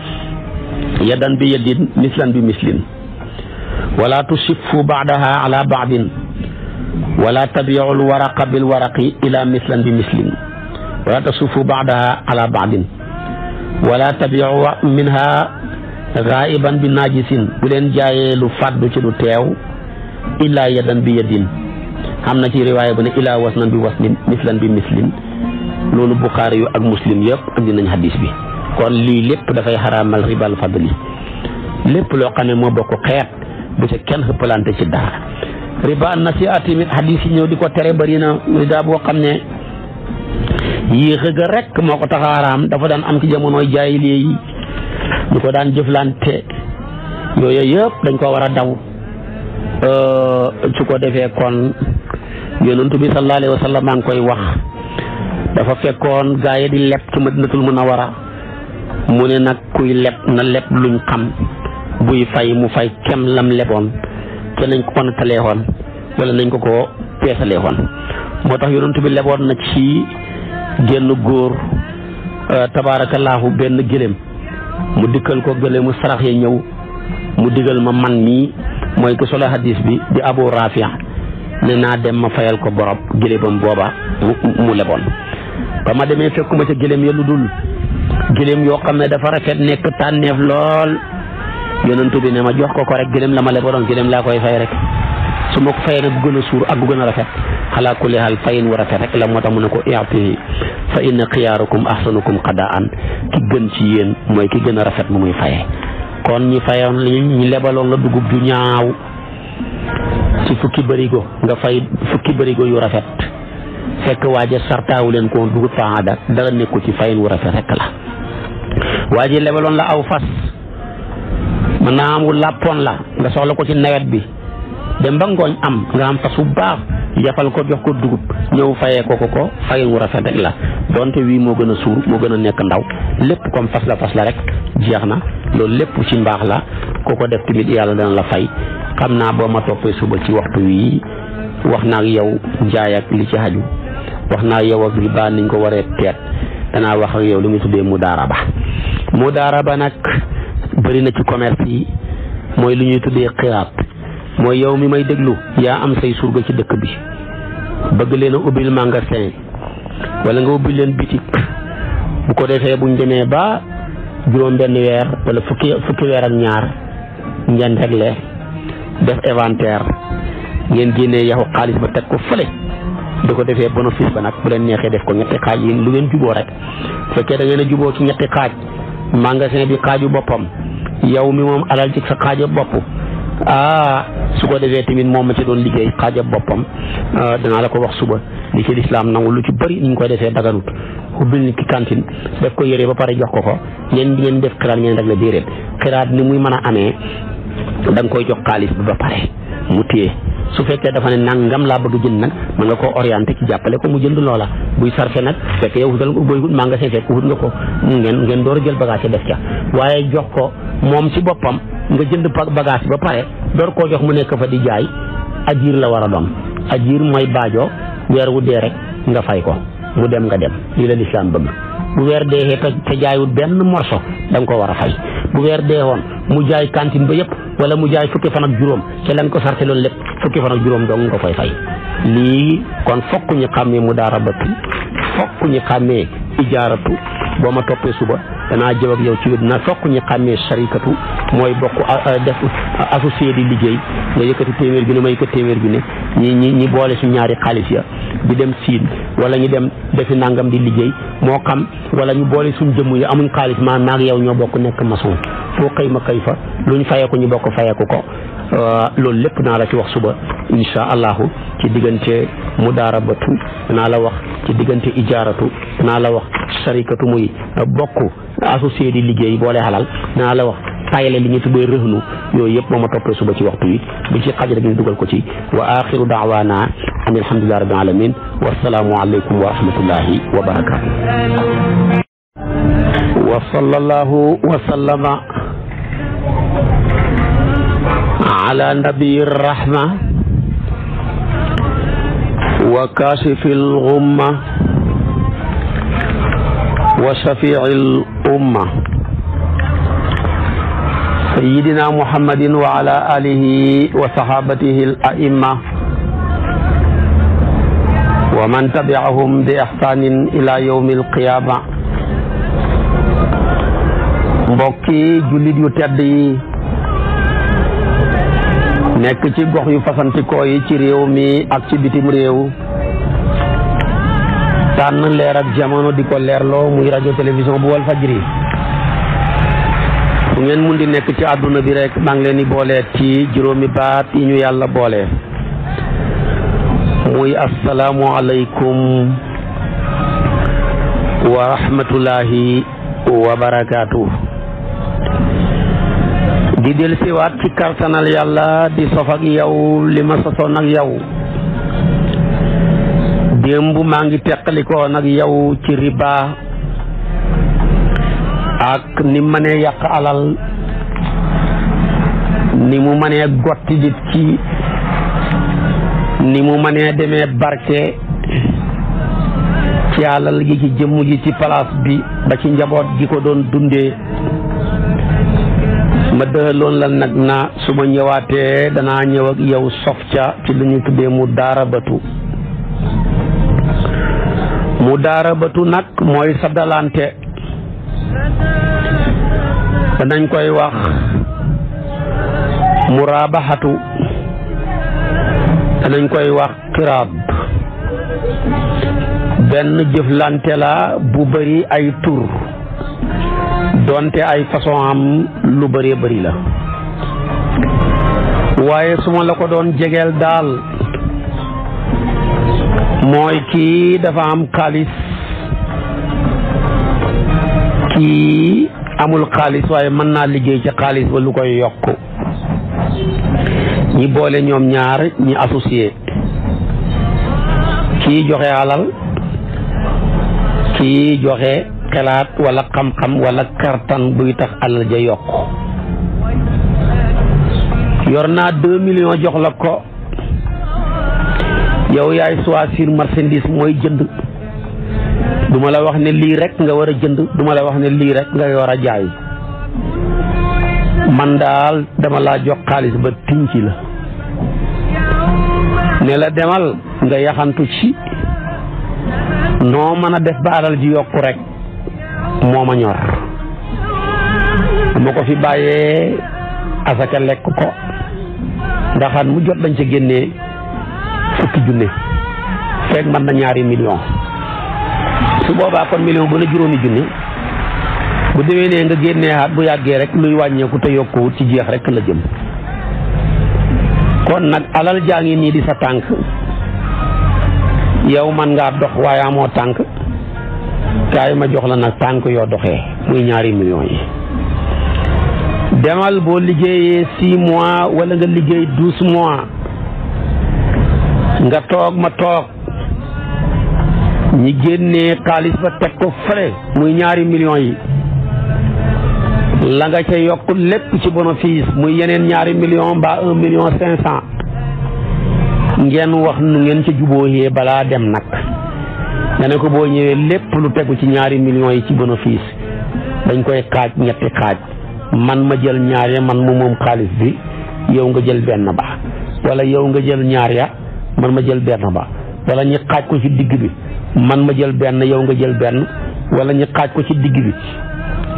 yaddan bi yaddin mislan bi mislin ولا تشفوا بعدها على بعض ولا تبيعوا الورق بالورق الى مثلا بمثل ولا تشفوا بعدها على بعض ولا تبيعوا منها غائبا بالناجس بلين جاي لو فاد تيو الا يدا بيد امنا في روايه بن الى وسن بوسن مثلا بمثل لولو بخاري اك مسلم ييب اندي نان حديث بي كون لي ليب دا فاي حرام الربا الفضلي ليب لو خاني مو بوكو خيت bu ca kenn xëppalante ci dara riba nasiha tamit hadis yi ñëw di ko tere bari na riba boo xam ne yéex ga rek moo ko taxaaraam dafa daan am ci jamonoy jaahiliya yi ñu ko daan jëflante yooyu yëpp dañ ko war a daw su ko defee kon yonent bi sallallahu alayhi wa sallam koy wax dafa fekkoon gaa yi di leb ci madinatul munawara mu ne nag kuy leb na leb luñ xam buy fay mu fay kem lam leboon te nañ ko kontaleexoon wala nañ ko ko peesaleexoon moo tax yonent bi leboon na ci génn góor euh, tabaarakallaahu benn gëléem mu dikkal ko gëléemu sarax ya ñëw mu digal ma man mii mooy ku solo hadis bi di abu rafia ne naa dem ma fayal ko borom gëléemam booba mu leboon ba ma demee fekkuma ca gëléem ya lu dul gëléem yoo xam ne dafa rafet nekk tànneef lool yonentu bi ne ma jox ko ko rek gëlem la ma borom gëlem la koy fay rek su ma ko fayee nag gën a suur ak gëna rafet ala kulli hal fayn wa rafet rek la moo mu ne ko i'ti fa inna xiyaarukum ahsanukum qadaan ki gën ci yeen moy ki gëna rafet mu muy fayé kon ñi fayoon ñi lebalon la dugub du ñaaw ci fukki go nga fay fukki go yu rafet fekk waaje sartaawu len ko dugub faada dara neeku ci fayn wa rafet rek la waaje lebalon la aw fas mën naa am wu làppoon la nga soxla ko ci nawet bi dem ba ngooñ am nga am fas bu baax yafal ko jox ko dugub ñëw fayee ko ko ko fayin wu rafet rek la donte wii moo gën a suur moo gën a nekk ndaw lépp comme fas la fas la rek jeex na loolu lépp ci mbaax la ku ko def tamit yàlla dana la fay xam naa boo ma toppee suba ci waxtu wii wax naa ak yow njaay ak li ci xaju wax naa yow ak riba niñ ko waree teet danaa wax ak yow li muy tuddee mudaaraba mudaaraba nag bëri na ci commerce yi mooy lu ñuy tuddee xiraat mooy yow mi may déglu yaa am say surga ci dëkk bi bëgg leen a ubbil magasin wala nga ubbil leen bitik bu ko defee buñ demee ba juróom benn weer wala fukki fukki weer ak ñaar ngeen def inventaire ngeen génnee yaxu xaalis ba teg ko fële du ko defee bénéfice ba nag bu leen neexee def ko ñetti xaaj yi lu ngeen juboo rek fekkee da juboo ci ñetti xaaj magasin bi xaaju boppam yow mi moom alal ci sa xaaja bopp ah su ko defee tamit moom ma ci doon liggéey xaaja boppam ah, danaa la ko wax suba li ci lislaam nangu lu ci bëri nu ñu koy defee daganut ubbil nit ki cantine def ko yére ba pare jox ko ko ngeen ngeen def xiraat ngeen rek la déedéet xiraat ni muy mën a amee da koy jox xaalis bi ba pare mu téye su fekkee dafa ne nangam laa bëgg jënd nag mën nga koo orienté ci jàppale ko mu jënd loola buy sarfe nag fekk yow wutal booy nga magasin fekk wut nga ko ngeen ngeen door a jël bagage def ca waaye jox ko moom si boppam nga jënd bagage ba pare door koo jox mu nekk fa di jaay ajiir la war a doon ajiir mooy baajo weer wu dee rek nga fay ko mu dem nga dem lii la lislaam bëgg bu weer dee te jaayul benn morso da nga ko war a fay bu weer dee woon mu jaay cantine ba yëpp wala mu jaay fukki fan juróom ci ko sarte loolu lépp fukki fan ak juróom dong nga koy fay lii kon fokk ñu xàmmee mudaarabatu fokk ñu xàmmee ijaaratu boo ma toppee suba danaa jëm ak yow ci wet na fokk ñu xàmmee sharikatu mooy bokk def associé di liggéey nga yëkkati téeméer gi ne may ko téeméer bi ne ñi ñi ñi boole su ñaari xaalis ya di dem siin walla ñu dem defi nangam di liggéey moo xam wala ñu boole suñ jëmm yi amuñ xaalis maa maag yow ñoo bokk nekk maçon foo xëy ma xëy fa ñu fayeeku ñu bokk fayeeku ko euh, loolu lépp naa la ci wax suba insha allahu ci diggante mudaarabatu naa la wax ci diggante ijaaratu naa la wax sharikatu muy bokk associé di liggéey boole xalal naa la wax tayale li ñu tuddee rëxlu yooyu yëpp moo ma toppee suba ci waxtu wi bi ci xaj rek ñu dugal ko ci wa axiru daawaana an alhamdulilah rabbil alamin wasalaamu aleykum wa rahmatullahi wa barakatu wa sallallahu wa sallama ala nabiyi rahma wa kaashifi l gumma wa shafiicil umma sayyidina muhammadin wa ala alihi wa saxaabatihi al a'imma wa man tabi'ahum bi ihsanin ila yawmil qiyaama mbokki jullit yu tedd yi nekk ci gox yu fasantikoo yi ci réew mi ak ci bitim réew tànn leer ak jamono di ko leerloo muy rajo télévision bu wal fajri bu ngeen mun di nekk ci àdduna bi rekk maa ngi leen di booleet ci juróomi baat yi ñu yàlla boole muy asalaamu aleykum wa rahmatullahi di del siwaat ci kartanal yàlla di sof ak yow li ma sosoon ak yow dembu mangi ngi teqalikoo nak yow ci riba ak ni mané yak alal ni mu mané ya gotti dit ci ni mu mané ya démé barke ci alal gi ci jëm gi ci place bi ba ci njabot gi ko don dundé ma deulon la nak na suma dana ñew ak yow sofcha ci tuddé mu dara batu Mudara betunak moy sabda saddalante dañ koy wax murabahatu dañ koy wax ben benn jëflante la bu bari ay tour donte ay façon am lu bëree bari la waye suma la ko don jegel dal mooy kii dafa am xaalis kii amul xaalis waaye mën naa liggéey ci xaalis ba lu koy yokk ñi boole ñoom ñaar ñi associé kii joxe alal kii joxe xelaat wala xam-xam wala kartan buy tax alal ja yokk yor naa deux millions jox la ko yow yaay choisir marchandise mooy jënd duma la wax ne lii rek nga war a jënd duma la wax ne lii rek nga war a jaay man daal dama laa jox xaalis ba tinc la ne la demal nga yaxantu ci noo mën a def ba alal ji yokku rek moo ma ñor ma ko fi bàyyee asaka lekk ko ndaxaan mu jot dañ ca génnee fukki junne fek man na ñaari million su boba kon million bu na juroomi junne bu dewe ne nga genné xaat bu yagge rek luy wañé ko te yokku ci jeex rek la jëm kon nak alal jaangi ni di sa tank yow man nga dox waya mo tank kay ma jox la nak tank yo doxé muy ñaari million yi demal bo liggéeyee 6 mois wala nga liggéey 12 mois nga toog ma toog ñi génnee xaalis ba teg ko fële muy ñaari million yi la nga ca yokk lépp ci bénéfice muy yeneen ñaari million mbaa un million cinq cent ngeen wax nu ngeen ca jubóoyee balaa dem nag nga ne ko boo ñëwee lépp lu tegu ci ñaari million yi ci bénéfice dañ koy xaaj ñetti xaaj man ma jël ñaar ya man mu moom xaalis bi yow nga jël benn ba wala yow nga jël ñaar ya man ma jël benn ba wala ñi xaaj ko ci digg bi man ma jël benn yow nga jël benn wala ñi xaaj ko ci digg bi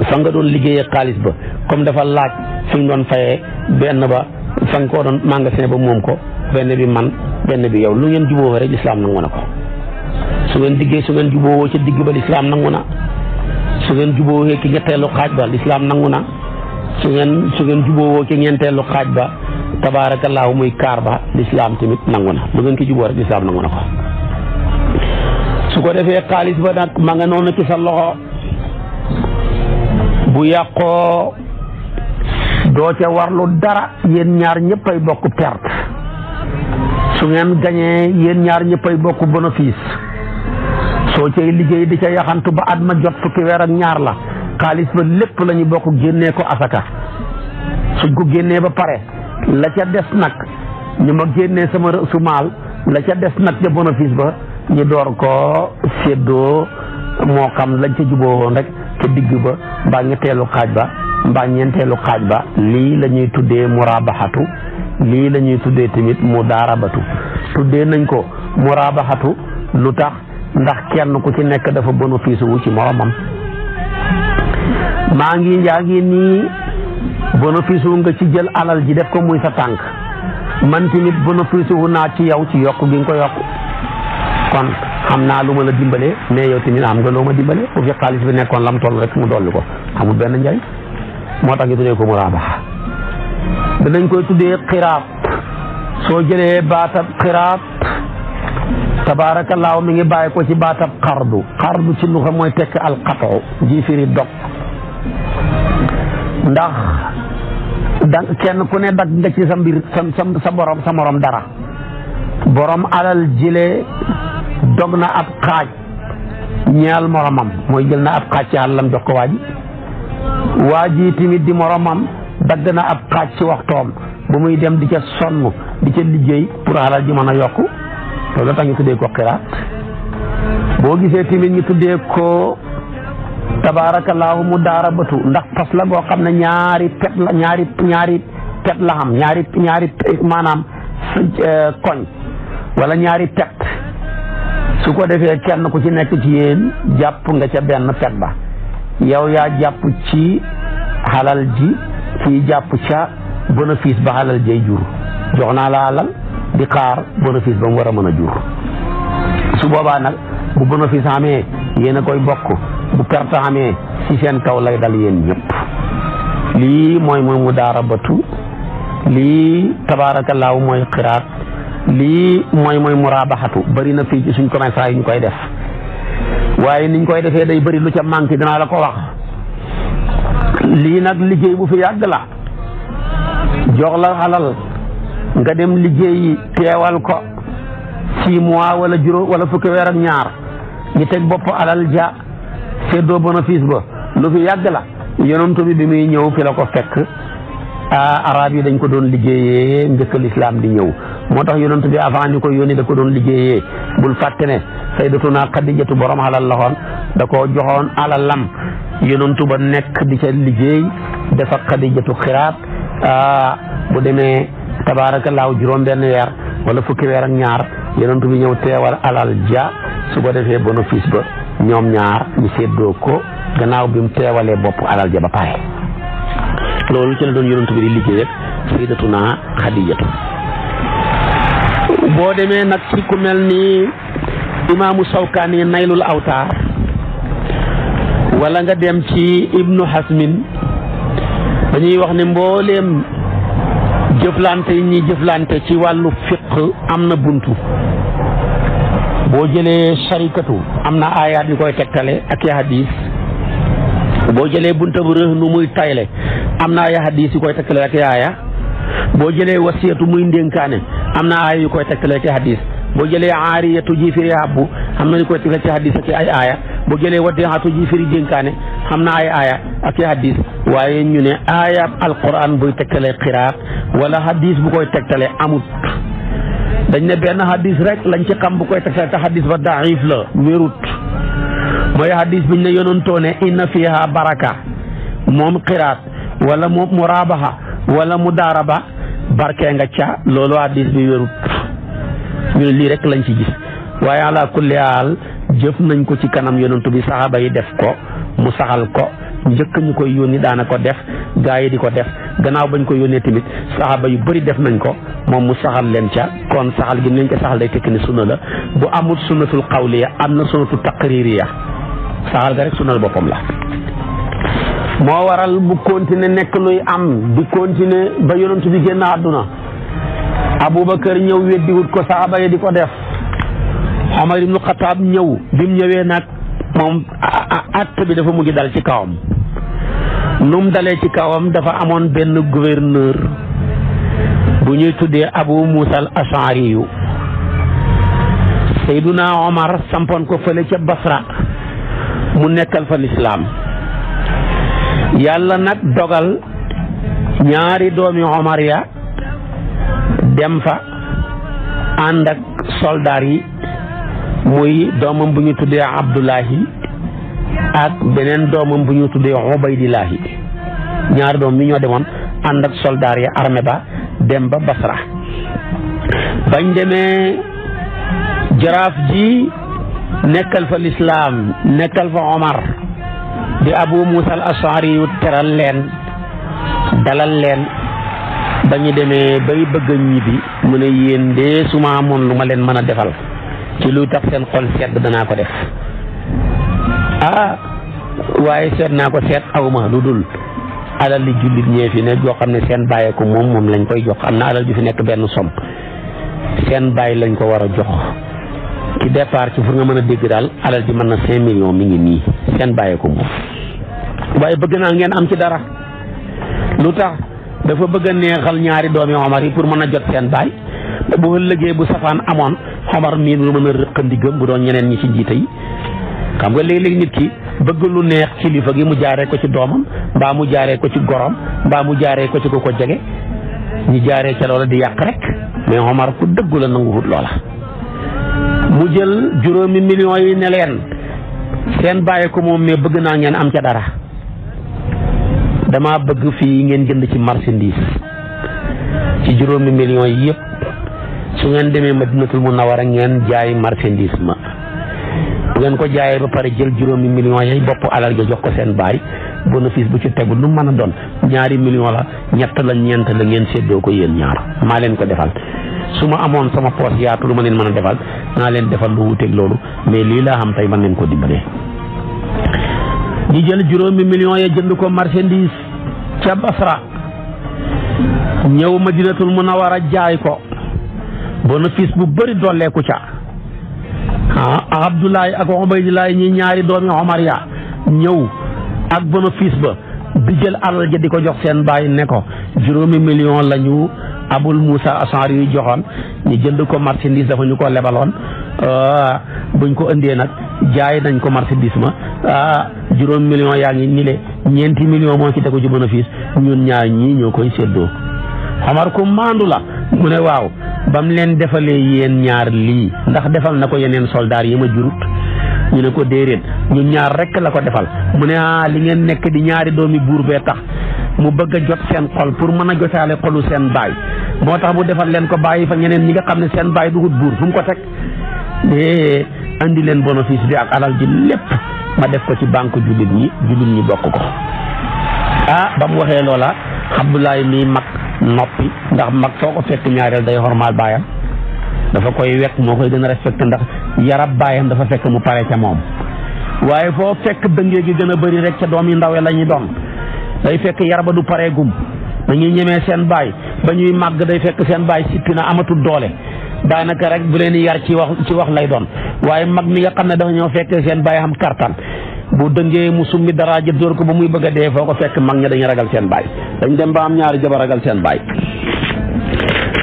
fa nga doon liggéeyee xaalis ba comme dafa laaj fi nga doon fayee benn ba fa nga koo doon magasin ba moom ko benn bi man benn bi yow lu ngeen jubóowoo rek lislaam nangu na ko su ngeen diggee su ngeen jubóowoo ci digg ba lislaam nangu na su ngeen jubóowoo ci lu xaaj ba lislaam nangu na su ngeen su ngeen jubóowoo ci ñeenteelu xaaj ba tabarakallah muy karba l'islam timit nanguna bu ngeen ki juboo rek lislaam ko su ko defé xaalis ba nak ma nga non ci sa loxo bu yaqo do ca warlu dara yeen ñaar ñeppay bokku perte su ngeen gagné yeen ñaar ñeppay bokku bénéfice so cay liggéey di ca yaxantu ba adma jot fukki wér ak ñaar la ba lepp lañu bokku génné ko asaka su ko génné ba pare la ca des nag ñu ma génnee sama su maal la ca des nag ca bénéfice ba ñu door ko séddoo moo xam lañ ca juboo woon rek ca digg ba mbaa ñetteelu ba mbaa ñeenteelu xaaj ba lii lañuy ñuy tuddee muraabaxatu lii lañuy tuddee tamit mu daa rabatu tuddee nañ ko muraabaxatu lu tax ndax kenn ku ci nekk dafa bénéfice wu ci moromam maa ngi yaa ngi nii bénéfice wu nga ci jël alal ji def ko muy sa tànk man tamit bénéfice wu naa ci yow ci yokk gi nga ko yokk kon xam naa lu ma la dimbalee mais yow tamit am nga loo ma dimbalee bu fi xaalis bi nekkoon lam toll rek mu dolli ko amul benn njariñ moo tax ñu tuddee ko muraabax danañ koy tuddee xiraat soo jëlee baatab xiraat tabaarakallaahu mi ngi bàyyi ko ci baatab xardu xardu ci lu xam mooy tekk alqatu ji firi dog ndax da kenn ku ne dagg nga ci sa mbir sa sa borom sa moroom dara borom alal jile dog na ab xaaj ñeel moromam mooy jël na ab xaaj ci àllam jox ko waa ji waa ji tamit di moromam dagg na ab xaaj ci waxtoom bu muy dem di ca sonn di ca liggéey pour alal ji mën a yokk loolu tax ñu tuddee ko xiraat boo gisee tamit ñu tuddee ko tabaarakallaahu mu daara bëtu ndax fas la goo xam ne ñaari pet la ñaari ñaari pet la xam ñaari ñaari maanaam eh, koñ wala ñaari pet su ko defee kenn ku ci nekk ci yéen jàpp nga ca benn pet ba yow yaa jàpp ci xalal ji kii jàpp ca bénéfice ba xalal jay jur jox naa la alal di xaar bénéfice ba mu war a mën a jur su boobaa nag bu bénéfice amee yéen koy bokk bu perte amé ci sen kaw lay dal yeen ñep li moy moy mu batu li tabarakallah moy xiraat li moy moy murabahatu bari na fi ci suñu commerçant yi ñukoy def waye niñ koy defé day bari lu ca manki dina la ko wax li nak liggéey bu fi yag la jox la alal nga dem liggéeyi téwal ko ci mois wala juro wala fukki wér ak ñaar ñi tek bop alal ja seddoo bénéfice ba lu fi yàgg la yonent bi bi muy ñëw fi la ko fekk arab yi dañ ko doon liggéeyee njëkk lislaam di ñëw moo tax yonent bi avant ñu koy yónni da ko doon liggéeyee bul fàtte ne sayyidatuna Xadijatu borom alal la da ko joxoon alalam yonent ba nekk di ca liggéey dafa Xadijatu xiraat bu demee tabaarakallaahu juróom benn weer wala fukki weer ak ñaar yonent bi ñëw teewal alal ja su ko defee bénéfice ba ñoom ñaar ñu séddoo ko gannaaw bi mu teewalee bopp alal ja ba pare loolu ci la doon yonent bi di liggéey ak sayyidatuna Xadijatu boo demee nag ci ku mel ni imaamu Sawkaani naylul awtaar wala nga dem ci ibnu hasmin dañuy wax ni mbooleem jëflante yi ñuy jëflante ci wàllu fiq am na buntu boo jëlee sharikatu am na ayaat yu koy tegtale ak ya hadis boo jëlee bunta bu rëx nu muy tayle am na ay hadis yu koy tegtale ak yaaya boo jëlee wasiyatu muy ndénkaane am na aaya yu koy tegtale ci hadis boo jëlee aariyatu ji firi habbu am na ñu koy tegtale ci hadis ak ay aaya boo jëlee waddiatu ji firi dénkaane am na ay aaya ak i hadis waaye ñu ne aaya alquran buy tegtale xiraat wala hadis bu koy tegtale amut dañ ne benn hadis rek lañ ci xam bu koy tegtal te hadis ba daif la wérut mooy hadis biñ ne yonantoo ne inna fiha baraka moom walla qiraat wala walla mu daara ba barke nga ca loolu hadis bi wérut ñu lii rek lañ ci gis waaye ala kulli haal jëf nañ ko ci kanam yonantu bi saxaaba yi def ko mu saxal ko njëkk ñu koy yónni daana ko def gaa yi di ko def gannaaw bañ ko yónnee tamit saxaaba yu bari def nañ ko moom mu saxal leen ca kon saxal gi nañ ko saxal day tekki ni sunna la bu amul sunnatul qawliya am na sunnatul taqririya saxal ga rek sunnal boppam la moo waral bu continuer nekk luy am di continuer ba yonent bi génn àdduna abubakar ñëw weddi wut ko saxaaba yi di ko def omar ibnu xataab ñëw bi mu ñëwee nag moom att bi dafa mujj dal ci kawam num dalee ci kawam dafa amoon benn gouverneur bu ñuy tuddee abu muusa al ashari yu seyduna omar sampoon ko fële ca basra mu nekkal fa lislaam yàlla nag dogal ñaari doomi omar ya dem fa ànd ak soldaar yi muy doomam bu ñu tuddee abdullahi ak beneen doomam bu ñu tuddee Ubaydillaahi ñaari doom yi ñoo demoon ànd ak soldaar ya armée ba dem ba Basra bañ demee jaraaf ji nekkal fa lislaam nekkal fa Omar di Abu Musa al Ashari yu teral leen dalal leen ba ñu demee bay bëgg a ñibbi mu ne yéen de su ma amoon lu ma leen mën a defal ci luy tax seen xol sedd danaa ko def ah waye set nako set awma dudul alal li julit ñe fi ne go xamne sen baye ko mom mom lañ koy jox xamna na alal ju fi nek ben som sen baye lañ ko wara jox ci départ ci fur nga mëna dégg dal alal ji mëna 5 millions mi ngi nii sen baye ko mom waye bëgg na ngeen am ci dara lutax dafa bëgg neexal ñaari doomi Omar yi pour mëna a jot seen baay bu ëllëgee bu safan Omar min lu ndigam bu doon ñeneen ñi ci jité yi xam nga léeg-léeg nit ki bëgg lu neex kilifa ngi mu jaaree ko ci doomam mbaa mu jaaree ko ci gorom mbaa mu jaaree ko ci ku ko jege ñu jaaree ca loola di yàq rek mais Omar ku dëggu la nanguwut loola. mu jël juróomi million yi ne leen seen bàyyi ko moom mais bëgg naa ngeen am ca dara dama bëgg fii ngeen jënd ci marchandise ci juróomi million yi yëpp su ngeen demee ma mu Madinatul Munawara ngeen jaay marchandise ma. bu ngeen ko jaayee ba pare jël juróomi millions yay bopp alal ja jox ko seen baay bénéfice bu ci tegu lu mën a doon ñaari millions la ñett la ñeent la ngeen séddoo ko yéen ñaar maa leen ko defal su ma amoon sama poos yaatu lu ma leen mën a defal naa leen defal lu wuteeg loolu mais lii laa xam tey man leen ko dimbalee ñi jël juróomi million ya jënd ko marchandise ca Basra ñëw ma a war a jaay ko bénéfice bu bëri dolleeku ca ah Abdoulaye ak Ubaydillaay ñi ñaari doomi Omar ya ñëw ak bénéfice ba di jël alal ja di ko jox seen bàyyi ne ko juróomi million la ñu Abul Moussa Ashari yu joxoon ñu jënd ko marchandise dafa ñu ko lebaloon ah, buñ ko indee nag jaay dañ ko marchandise ma ah juróomi million yaa ngi nii le ñeenti million moo ci tegu ci bénéfice ñun ñaar ñii ñoo koy séddoo Omar ku maandu la mu ne waaw ba mu leen defalee yéen ñaar lii ndax defal na ko yeneen soldaar yi ma jurut ñu ne ko déedéet ñu ñaar rekk la ko defal mu ne ah li ngeen nekk di ñaari doomi buur bee tax mu bëgg a jot seen xol pour mën a jotaale xolu seen baay moo tax mu defal leen ko bàyyi fa ñeneen ñi nga xam ne seen baay dugut buur fu mu ko teg mais andi leen bénéfice bi ak alal ji lépp ma def ko ci banque jullit ñi jullit ñi bokk ko ah ba mu waxee loola Abdoulaye mii mag noppi ndax mag soo ko fekk ñaareel day xormaal baayam dafa koy wekk moo koy gën a respecté ndax yarab baayam dafa fekk mu pare ca moom waaye foo fekk dëngee gi gën a bëri rek ca doom yi ndaw la ñuy doon day fekk ba du paree gum dañuy ñemee seen baay ba ñuy màgg day fekk seen baay sippi na amatul doole daanaka rek bu leen yar ci wax ci wax lay doon waaye mag mi nga xam ne dafa ñëw fekk seen baay am kartan bu dëngee mu summi dara jëf door ko bu muy bëgg dé foko fekk mag ñi dañu ragal seen bay dañ dem ba am ñaari jabar ragal seen bay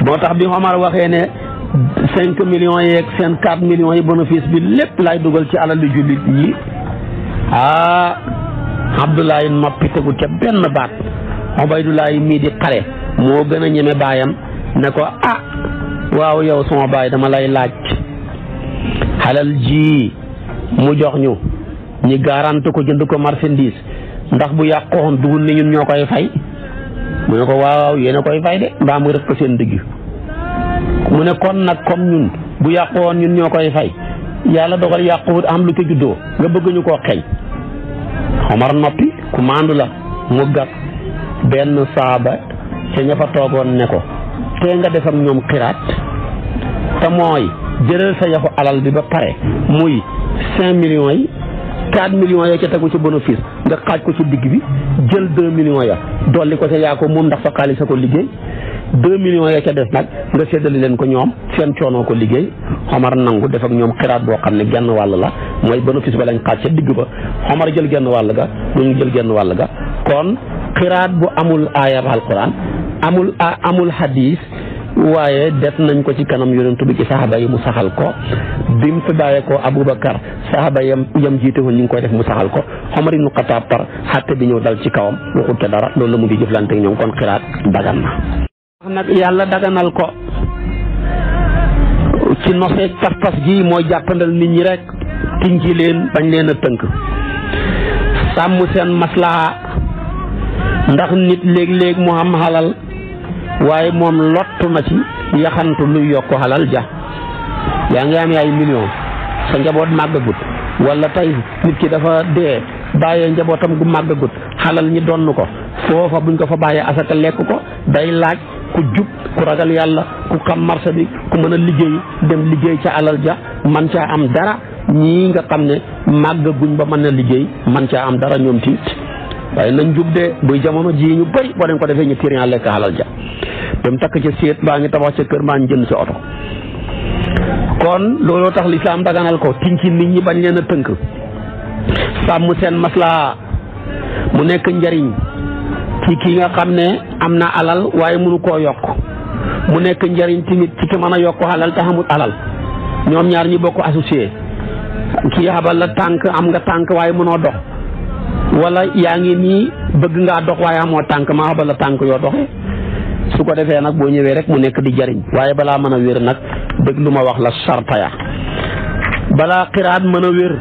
moo tax bi Omar waxé né 5 millions yeeg seen 4 millions yi bénéfice bi lépp lay duggal ci alal li yi ah Abdoulaye noppi tegu ca benn baat Obaydulaay mi di xalé mo gëna ñëmé bayam né ko ah waaw yow sama bay dama lay laaj halal ji mu jox ñu ñi garanti ko jënd ko marchandise ndax bu yàqoon dugul ne ñun ñoo koy fay mu ne ko waaw yéen a koy fay de mbaa mu def ko seen dëgg mu ne kon nag comme ñun bu yàqoon ñun ñoo koy fay yàlla dogal yàquwut am lu ko juddoo nga bëgguñu koo xeeñ Omar noppi ku maandu la mu gàtt benn saaba ca fa toogoon ne ko te nga def ñoom xiraat te mooy jëlal sa yaxu alal bi ba pare muy cinq millions yi 4 millions ya ca tegu ci bénéfice nga xaaj ko ci digg bi jël 2 million ya dolli ko ca yaa ko moom ndax sa xaalis a ko liggéey 2 million ya ca def nag nga séddale leen ko ñoom seen coonoo ko liggéey Omar nangu def ak ñoom xiraat boo xam ne genn wàll la mooy bénéfice ba lañ xaaj ca digg ba Omar jël genn wàll ga ñu jël genn wàll ga kon xiraat bu amul aayab alquran amul amul hadis waaye det nañ ko ci kanam yonentu bi ci saxaaba yi mu saxal ko bi mu fi bàyyee ko Aboubacar saxaaba yam yam jiite woon ñu ngi koy def mu saxal ko Omar ibnu Xataab par xàtte bi ñëw dal ci kawam waxul te dara loolu la mu di jëflante ñoom kon xiraat dagan na nag yàlla daganal ko ci nosee pas-pas gi mooy jàppandal nit ñi rek tinji leen bañ leen a tënk sàmm seen maslaha ndax nit léeg-léeg mu am xalal waaye moom lottu na ci yaxantu luy yokk xalal ja yaa ngi am ay million sa njaboot màggagut walla tey nit ki dafa dee bàyyee njabootam gu màggagut xalal ñi donn ko foofa buñ ko fa bàyyee asaka lekk ko day laaj ku jub ku ragal yàlla ku xam marché bi ku mën a liggéey dem liggéey ca alal ja man caa am dara ñii nga xam ne màggaguñ ba mën a liggéey man caa am dara ñoom tiit waaye nañ jub de buy jamono ji ñu bëri boo leen ko defee ñu tiir lekk xalal ja dem takk ca séet mbaa ñu tabax ca kër mbaa ñu jënd sa oto kon looloo tax lislaam daganal ko tinki nit ñi bañ leen a tënk sàmm seen maslaa mu nekk njariñ kii nga xam ne am na alal waaye mënu koo yokk mu nekk njariñ tamit ci ki mën a yokk alal te xamut alal ñoom ñaar ñi bokk associé kii xabal la tànk am nga tànk waaye mënoo dox wala yaa ngi nii bëgg ngaa dox waaye amoo tànk maa xabal la tànk yoo doxe su ko defé nak bo ñëwé rek mu nekk di jariñ waye bala mëna wër nak dëgg wax la ya balaa kerat mana wir, wér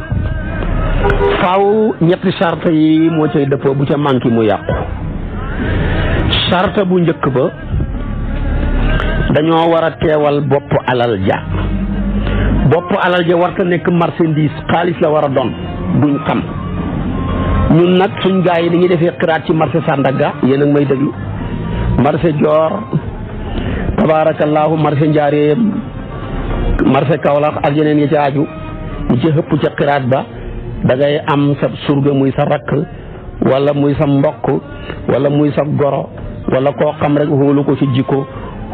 faaw ñetti sarta yi mo cey defo bu ca manki mu yaq sarta bu ñëkk ba dañoo wara téwal bop alal ja bop alal ja warta nekk marchandise xaaliss la wara doon buñ xam ñun nak suñ gaay yi dañuy defé qiraat ci marché Sandaga yeen ak may marché Dior tabaarakallaahu marché Njaareem marché Kaolack ak yeneen yi ci aju bu ci xëpp ca xiraat ba da ngay am sa surga muy sa rakk wala muy sa mbokk wala muy sa goro wala koo xam rek wóolu ko ci jikko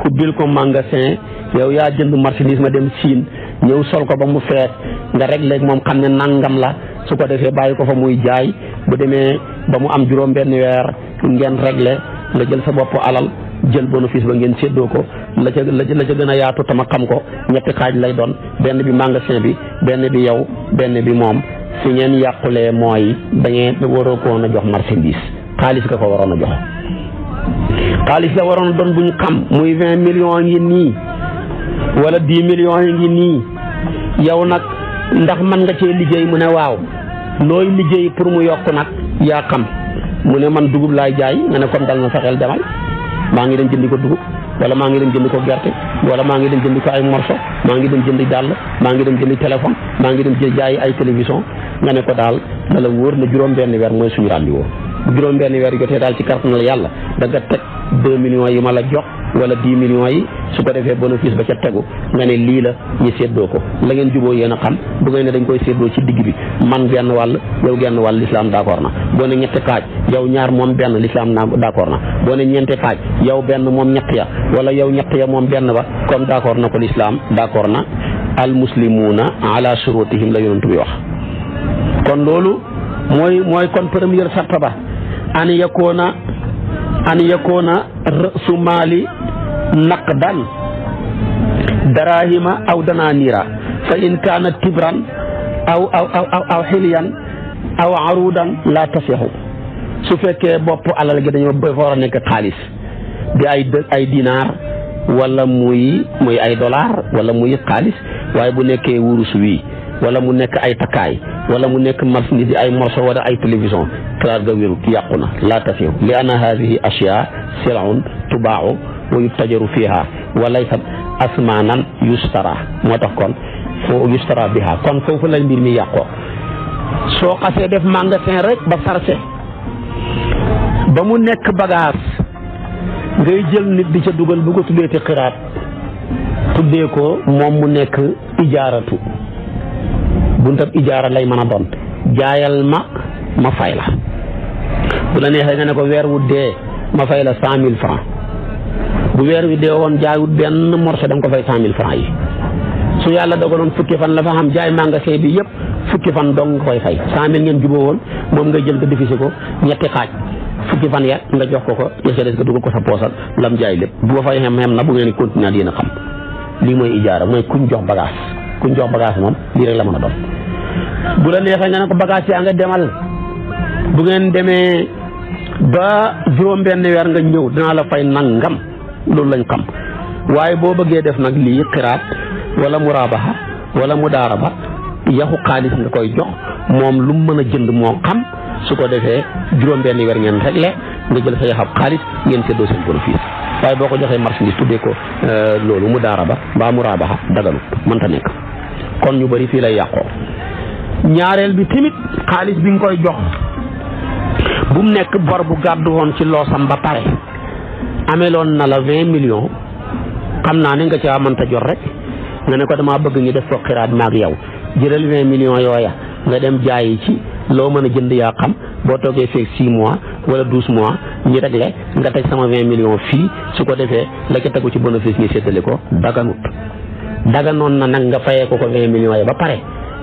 xubbil ko magasin yow yaa jënd marchandise ma dem siin ñëw sol ko ba mu feet nga rek léeg moom xam ne nangam la su ko defee bàyyi ko fa muy jaay bu demee ba mu am juróom benn weer ngeen réglé Lajel jël sa bopp alal jël bénéfice ba ngeen séddoo ko la ca la ca gën a yaatu tama xam ko ñetti xaaj lay doon benn bi magasin bi benn bi yow benn bi moom su ngeen yàqulee mooy da ngeen waroo ko woon a jox marchandise xaalis nga ko waroon a jox xaalis la waroon doon bu ñu xam muy vingt millions ngi nii wala dix millions yi ngi nii yow nag ndax man nga cee liggéey mu ne waaw looy liggéey pour mu yokk nag yaa xam mu ne man dugub laay jaay nga ne comme dal na sa xel demal maa ngi dem jëndi ko dugub wala maa ngi dem jëndi ko gerte wala maa ngi dem jëndi ko ay morso maa ngi dem jëndi dàll maa ngi dem jëndi téléphone maa ngi dem jaay ay télévision nga ne ko daal na la wóor na juróom benn weer mooy suñu rendez-vous bu juróom benn weer jotee daal ci kàttanal yàlla da nga teg deux millions yi ma la jox wala dix millions yi su ko defee bénéfice ba ca tegu nga ne lii la ñu séddoo ko la ngeen juboo yéen xam bu ne dañ koy séddoo ci digg bi man benn wàll yow genn wàll lislaam d'accord na boo ne ñetti xaaj yow ñaar moom benn lislaam naa d'accord na boo ne ñeenti xaaj yow benn moom ñett ya wala yow ñett ya moom benn ba kon d'accord na ko lislaam d'accord na al muslimuuna ala shurutihim la yonent bi wax kon loolu mooy mooy kon première sarta ba an yakoona an yakuna ra'su maali naqdan darahima aw dananira fa in kaana tibran aw aw aw aw xiliyan aw arudan la tasixu su fekkee bopp alal gi dañoo ba war a nekk xaalis di ay ay dinaar wala muy muy ay dollar wala muy xaalis waaye bu nekkee wurus wi wala mu nekk ay takkaay wala mu nekk marchandise yi ay morso wala ay télévision kalaat ga wérut yàqu na laa tafiw li anna haadihi ashyaa siraun tubaaxu wa yutajaru fiiha wa laysat asmaanan yustara moo tax kon foo yustara biha kon foofu lay mbir mi yàqoo soo xasee def magasin rek ba sarse ba mu nekk bagage ngay jël nit di ca dugal bu ko tuddee ti xiraat tuddee ko moom mu nekk ijaaratu buntab ijaara lay mën a doon jaayal ma ma fay la bu la neexee nga ne ko weer wu dee ma fay la cent mille franc bu weer wi dee woon jaayut benn morceau da nga ko fay cent mille franc yi su yàlla dogaloon fukki fan la fa xam jaay magasin bi yëpp fukki fan dong nga koy fay cent mille ngeen juboo woon moom nga jël nga diffusé ko ñetti xaaj fukki fan ya nga jox ko ko ya ca des nga dugal ko sa poosal lam jaay lépp boo ba fay xem xem na bu ngeen continuer dina xam lii mooy ijaara mooy kuñ jox bagage kuñ jox bagage moom lii rek la mën a doon bu la neexee nga ne ko bagage yaa nga demal bu ngeen demee ba juróom-benn weer nga ñëw dinaa la fay nangam loolu lañ xam waaye boo bëggee def nag lii xiraat wala muraabaha wala mudaaraba yaxu xaalis nga koy jox moom lu mu mën a jënd moo xam su ko defee juróom-benn weer ngeen réglé nga jël sa yaxab xaalis ngeen seddoo seen bénéfice waaye boo ko joxee marchandise tuddee ko euh, loolu mu daara ba dagalu mënta nekk. kon ñu bari fii la yàqoo ñaareel bi tamit xaalis bi nga koy jox bu mu nekk bor bu gàddu woon ci loosam ba pare ameloon na la vingt millions xam naa ne nga caa mënta jot rek nga ne ko damaa bëgg ñu def ko xiraat maag yow jëlal vingt million yooya nga dem jaayi ci loo mën a jënd yaa xam boo toogee feeg six mois wala douze mois ñu réglé nga teg sama vingt millions fii su ko defee la ca tegu ci bénéfice ñu séddale ko daganut daganoon na nag nga fayee ko ko ngay millions yi ba pare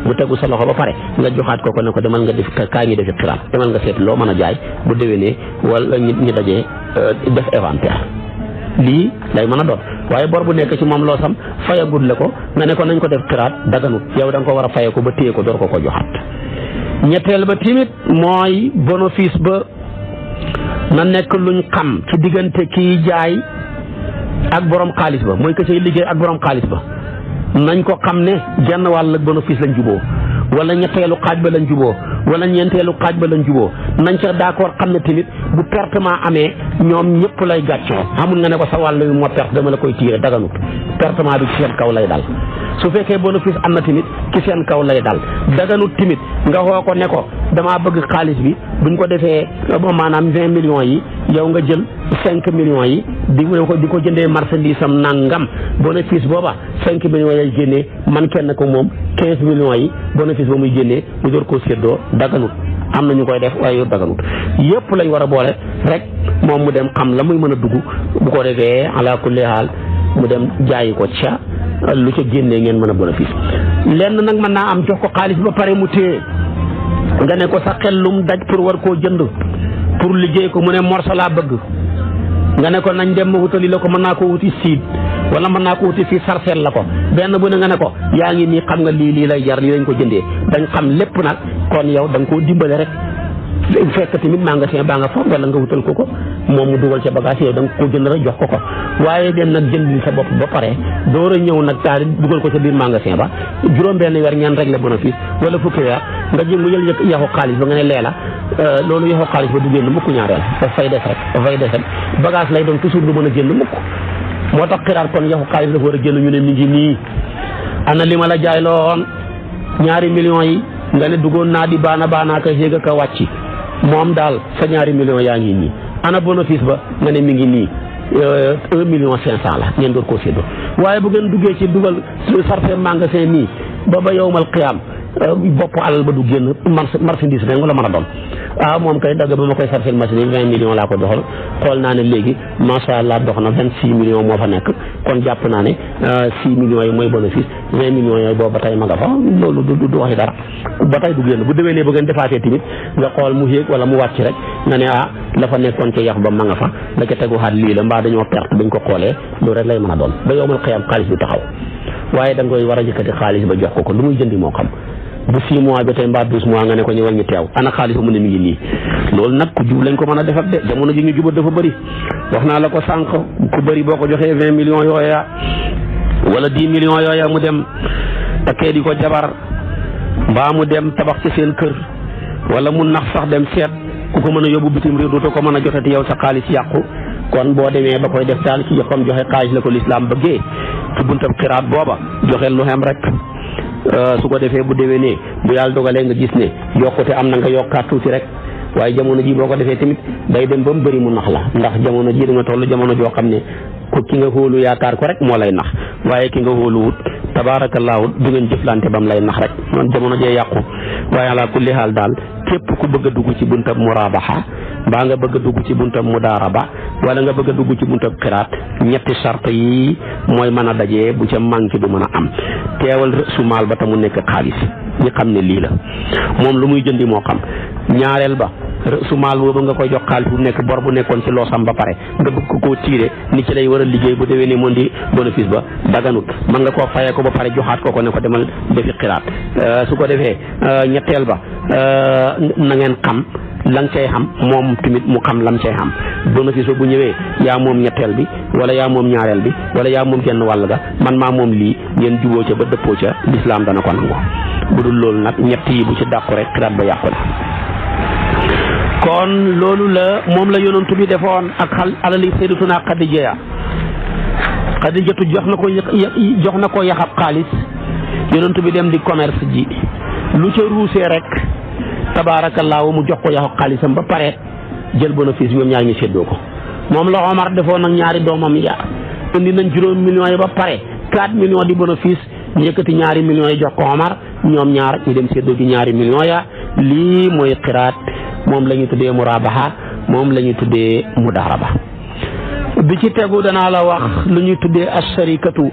mu tegu sa loxo ba pare nga joxaat ko ko ne ko demal nga def kaa ñu defi xiraam demal nga seet loo mën a jaay bu déwénee wala ñu ñu dajee euh, def inventaire lii day mën a doon waaye bor bu nekk ci moom loo sam fayagul la ko nga ne ko nañ ko def xiraat daganut yow da ko war a fayee ko ba téye ko door ko ko joxaat ñetteel ba timit mooy bénéfice ba na nekk luñ xam ci diggante kiy jaay ak borom xaalis mooy que say liggéey ak borom xaalis ba nañ ko xam ne genn wàll ak bénéfice lañ juboo wala ñetteelu xaaj ba lañ juboo wala ñeenteelu xaaj ba lañ juboo nañ ca d'accord xam ne tamit bu pertement amee ñoom ñëpp lay gàccoo xamul nga ne ko sa wàll yu moo perte dama la koy tiire daganut pertement bi ci seen kaw lay dal su fekkee bénéfice am na tamit ci seen kaw lay dal daganut tamit nga xoo ko ne ko damaa bëgg xaalis bi buñ ko defee maanaam vingt million yi yow nga jël cinq millions yi di ko di ko jëndee marchandise am nangam bénéfice booba cinq millions yay génnee man kenn ko moom quinze millions yi bénéfice ba muy génnee mu door koo séddoo daganut am na ñu koy def waaye yor daganut yëpp lañ war a boole rek moom mu dem xam la muy mën a dugg bu ko defee ala kulli haal mu dem jaayi ko ca lu ca génnee ngeen mën a bénéfice lenn nag mën naa am jox ko xaalis ba pare mu téye nga ne ko sa xel lum daj pour war koo jënd pour liggéey ko mu ne morso laa bëgg nga ne ko nañ dem ma wutali la ko mën naa ko wuti siid wala mën naa ko wuti fii sarcelle la ko benn bu ne nga ne ko yaa ngi nii xam nga lii lii lay jar lii lañ ko jëndee dañ xam lépp nag koon yow danga koo dimbale rek bu fekk tamit magasin baa nga fa wala nga wutal ko ko moom mu dugal ca bagage yow da nga ko jënd rek jox ko ko waaye dem nag jënd sa bopp ba pare door a ñëw nag taal dugal ba juróom-benn weer ñaan rek la bénéfice wala fukki weer nga jël mu jël yaxu xaalis ba nga euh, ba du génn mukk ñaareel daf fay des rek daf lay doon toujours du mën a génn mukk moo tax xiraat kon yaxu xaalis dafa war a génn ñu ne mi ngi nii ana li ma la jaay loon ñaari millions yi nga ne duggoon naa di baana baana ka yéeg a ka wàcc moom daal sa ñaari millions yaa ngi nii ana bénéfice ba nga ne mi ngi nii euh, un million cinq cent la ngeen door koo séddoo waaye bu ngeen duggee ci dugal sarfe magasin nii ba ba yowmal qiyaam euh, bopp alal ba du génn marchandise rek nga la mën a doon ah moom kay dagg ba ma koy farfil machine yi vingt millions laa ko doxal xool naa ne léegi macha allah dox na vingt six millions moo fa nekk kon jàpp naa ne ah, six millions yi mooy bénéfice vingt millions yooyu boobu ba tay ma nga fa loolu du du waxi dara ba tey du génn bu déwénee bu ngeen defaatee tamit nga xool mu yéeg wala mu wàcc rek nga ne ah la fa nekkoon ca yax ba ma nga fa la ca teguwaat lii la mbaa dañoo perte dañ ko xoolee loolu rek lay mën a doon ba yomal xëyam xaalis bi taxaw waaye da nga koy a yëkkati xaalis ba jox ko ko lu muy jëndi moo xam bu six mois jotee mbaa douze mois nga ne ko ñëwal ñu teew ana xaalis mu ne mi ngi nii loolu nag ku jub lañ ko mën a defar de jamono ji ñu juba dafa bëri wax naa la ko sànq ku bari boo ko joxee vingt millions yooya wala dix millions yooya mu dem takkee di ko jabar mbaa mu dem tabax ci seen kër wala mu nax sax dem seet ku ko mën a yóbbu bitim réew dootoo ko mën a jotati yow sa xaalis yàqu kon boo demee ba koy def daal ci joxe xaalis la ko lislaam bëggee ci buntab xiraat booba joxe lu xem rek Euh, su ko defee bu déwénee bu yàlla dogalee nga gis ne yokkute am na nga yokkaat tuuti rek waaye jamono ji boo ko defee tamit day dem ba mu bëri mu nax la ndax jamono ji da nga toll jamono joo xam ne ko ki nga xóolu yaakaar ko rek moo lay nax waaye ki nga xóoluwut tabaarakallaahu du ngeen jëflante ba mu lay nax rek noonu jamono jee yàqu waaye ala kulli haal daal képp ku bëgg a dugg ci buntab muraabaxa mbaa nga bëgg a dugg ci mu buntab ba wala nga bëgg dugg ci buntab xiraat ñetti sart yii mooy mën a daje bu ca manqué du mën a am teewal rësu maal ba te mu nekk xaalis ñi xam ne lii la moom lu muy jëndi moo xam ñaareel ba rësu maal boobu nga koy jox xaalis bu nekk bor bu nekkoon ci loosam ba pare nga bëgg ko koo tiire ni ci lay war a liggéey bu déwénee moom di bénéfice ba daganut mën nga koo fayee ko ba pare joxaat koo ko ne ko demal defi xiraat euh, su ko defee euh, ñetteel ba euh, na ngeen lan cay xam moom tamit mu xam lam cay xam bénéfice ba bu ñëwee yaa moom ñetteel bi wala yaa moom ñaareel bi wala yaa moom genn wàll ga man maa moom lii ngeen juboo ca ba dëppoo ca lislaam dana ko nangu bu dul loolu nag ñett yi bu ci dàqu rek xiraat ba yàqu na kon loolu la moom la yonantu bi defoon ak xal alali sayyidatuna Xadija Xadijatu jox na ko jox na ko yaxab xaalis yonantu bi dem di commerce ji lu ca ruusee rek tabaarakallaahu mu jox ko yaxu xaalisam ba pare jël bénéfice bi ñoom ñaar ñu séddoo ko moom la Omar defoon nag ñaari doomam ya indi nañ juróom millions yi ba pare 4 millions di bénéfice ñu ñaari millions yi jox ko Omar ñoom ñaar dem séddoo ci ñaari ya lii mooy xiraat moom la tuddee murabaha moom lañuy ñu tuddee mudaraba bi ci tegu danaa la wax lu ñuy tuddee asharikatu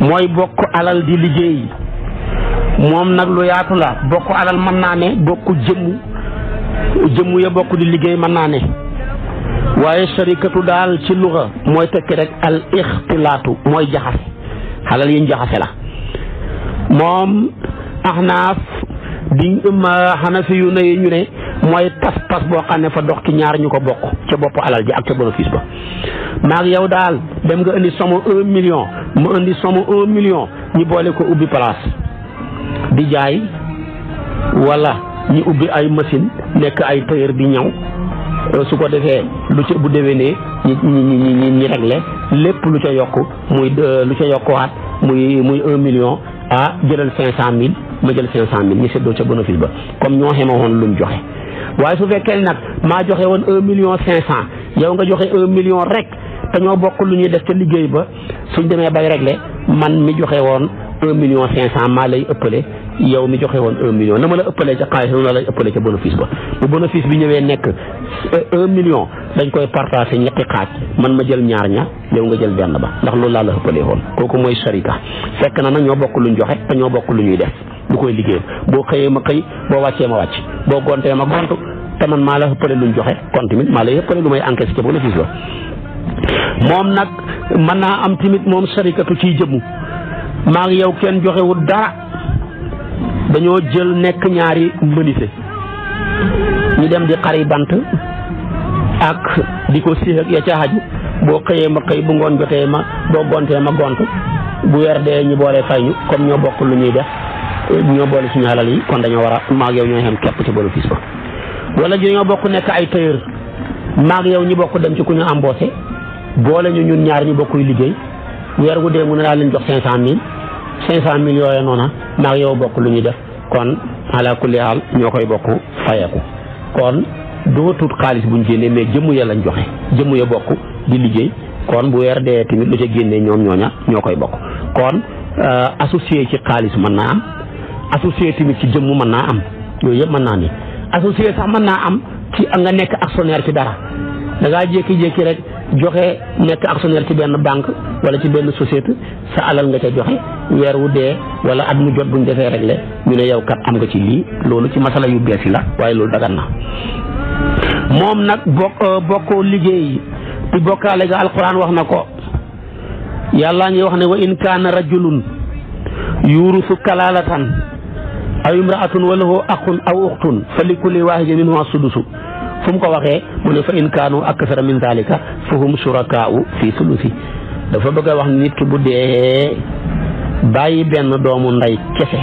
mooy bokk alal di liggéey. moom nag lu yaatu la bokk alal man naa ne bokk jëmm jëmm ya bokk di liggéey man naa ne waaye sharikatu daal ci luxa mooy tekki rek al ixtilaatu mooy jaxase xalal yiñ ñu jaxase la moom axnaaf di xanafi yu ne ñu ne mooy pas-pas boo xam ne fa dox ci ñaar ñu ko bokk ca bopp alal ji ak ca bénéfice ba maag yow daal dem nga indi somme un million mu indi somme un million ñu boole ko ubbi place di jaay wala ñu ubbi ay machine nekk ay tailleur di ñaw euh, su ko defee lu ca bu déwénee ñi ñi ñi ñi ñi réglé lépp lu ca yokk muy euh, lu ci ca yokkuwaat muy muy un million ah jëlal cinq cent mille ma jël cinq cent mille ñu seddoo ca bénéfice ba comme ñoo xema woon lu mu joxe waaye su fekkee nag maa joxe woon million cinq cent yow nga joxe million rek te ñoo lu ñuy def ca liggéey ba suñ demee bay réglé man mi joxe woon un million cinq cent maa lay ëppale yow mi joxe woon un million na ma la ëppalee ca xaalis ba bu bénéfice bi ñëwee nekk un million dañ koy partagé ñetti xaaj man ma jël ñaar ña yow nga jël benn ba ndax loolu laa la ëppalee woon kooku mooy sharika fekk na nag ñoo bokk luñ joxe te ñoo bokk lu ñuy def du koy liggéey boo xëyee ma xëy boo wàccee ma wàcc boo gontee ma gont te man maa la ëppale luñ joxe kon tamit maa la ëppale lu may encaissé ca bénéfice ba moom nag mën naa am tamit moom sarikatu ciy jëmu maa ngi yow kenn joxewul dara dañoo jël nekk ñaari mbënise ñu dem di xari bant ak di ko séex ak ya ca xaju boo xëyee ma xëy bu ngoon jotee ma boo gontee ma gont bu weer dee ñu boolee fay ñu comme ñoo bokk lu ñuy def ñoo boole suñu alal yi kon dañoo war a maag yow ñooy xam képp ci bénéfice ba wala ñu ñoo bokk nekk ay tailleur maag yow ñu bokk dem ci ku ñu embauché boole ñu ñun ñaar ñu bokkuy liggéey weer gu dee mu ne laa leen jox cinq cent mille cinq cent mille yooyu noona maag yow bokk lu ñu def kon ala kulli haal ñoo koy bokk fayeku kon doo tuut xaalis buñ génnee mais jëmm ya lañ joxe jëmm ya bokk di liggéey kon bu weer dee tamit lu ca génnee ñoom ñooña ñoo koy bokk kon euh, associé ci xaalis mën naa am associé tamit ci jëmm mën naa am yooyu yëpp mën naa ni associé sax mën naa am ci nga nekk actionnaire ci dara da jékki-jékki rek joxe nekk actionnaire ci benn banque wala ci benn société sa alal nga ca joxe weer wu dee wala at mu jot buñ defee rek réglé ñu ne yow kat am nga ci lii loolu ci masala yu bees yi la waaye loolu dagan na moom nag bokk euh, bokkoo liggéey di bokkaale ga alquran wax na ko yàllaa ngi wax ne wa in kaana rajulun yurusu kalaalatan aw imraatun wa lahu axun aw uxtun fa li kulli waahidin minhumaa sudusu fu mu ko waxee mu ne fa in kaanu aksara min zalika fa hum surakaa'u fi dafa bëgg a wax nit ki bu dee bàyyi benn doomu ndey kese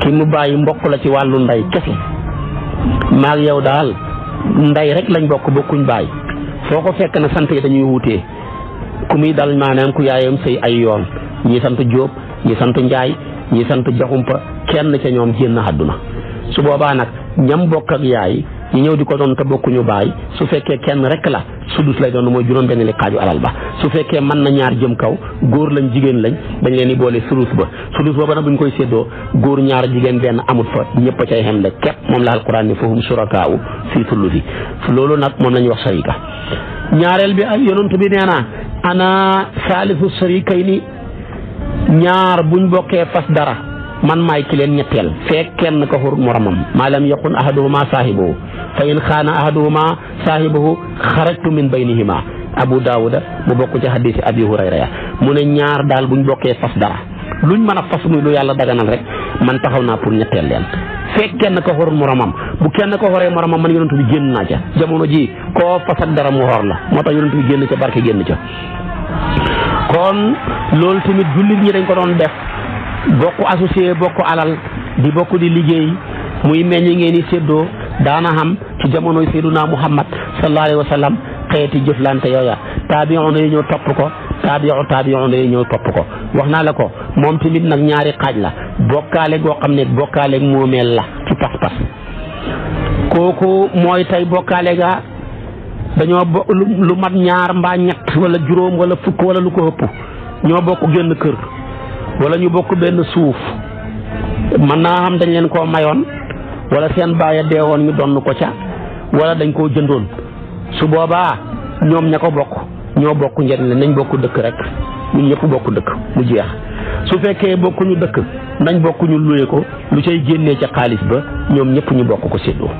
ki mu bàyyi mbokk la ci wàllu ndey kese maag yow daal ndey rek lañ bokk bokkuñ bàyyi foo ko fekk na sant yi dañuy wutee ku muy dal maanaam ku yaayam sëy ay yoon ñi sant Jóob ñi sant Njaay ñi sant Jaxumpa kenn ca ñoom génn àdduna su boobaa nag ñam bokk ak yaay ñu ñëw di ko doon te bokkuñu baay su fekkee kenn rek la sudus lay doon mooy juróom-benn li xaaju alal ba su fekkee mën na ñaar jëm kaw góor lañ jigéen lañ dañ leen di boole sudus ba sudus booba nag bu ñu koy séddoo góor ñaar jigéen benn amut fa ñëpp a cay xem de képp moom la alquran ni fahum surakaaw fii sulusi loolu nag moom la ñuy wax sarika ñaareel bi ay yonent bi anaa naa ana saalisu sarikayni ñaar buñ bokkee fas dara man maay ki leen ñetteel feek kenn kafur moromam maa lam yakun ahaduhuma saahibuhu fa in xaana ahaduhuma saahibuhu xarajtu min baynihima abu daawuda bu bokk ci hadisi abi hurayra ya mu ne ñaar daal buñ bokkee fas dara luñ mën a fas muy lu yàlla daganal rek man taxaw naa pour ñetteel leen fekk kenn ko xorul moromam bu kenn ko xoree moromam man yonent bi génn naa ca jamono ji koo fas ak dara mu xor la moo tax yonent bi génn ca barke génn ca kon loolu ko doon bokk associé bokk alal di bokk di liggéey muy meññ ngeen i séddoo daana ci jamonoy seyduna muhammad sallallahu alayhi wa xeeti jëflante yooya taabiyoon yi ñëw topp ko taabiyoon taabiyoon yi ñëw topp ko wax naa la ko moom tamit nag ñaari xaaj la bokkaale goo xam ne bokkaale moomeel la ci pas-pas kooku mooy tey bokkaale ga dañoo bo lu mat ñaar mbaa ñett wala juróom wala fukk wala lu ko ëpp ñoo bokk génn kër wala ñu bokk benn suuf mën naa xam dañ leen koo mayoon wala seen baay a deewoon ñu donn ko ca wala dañ koo jëndoon su boobaa ñoom ña bokk ñoo bokk njëriñ la nañ bokk dëkk rek ñu ñëpp bokk dëkk mu jeex su fekkee bokkuñu dëkk nañ bokkuñu ñu luye ko lu cay génnee ca xaalis ba ñoom ñëpp ñu bokk ko séddoo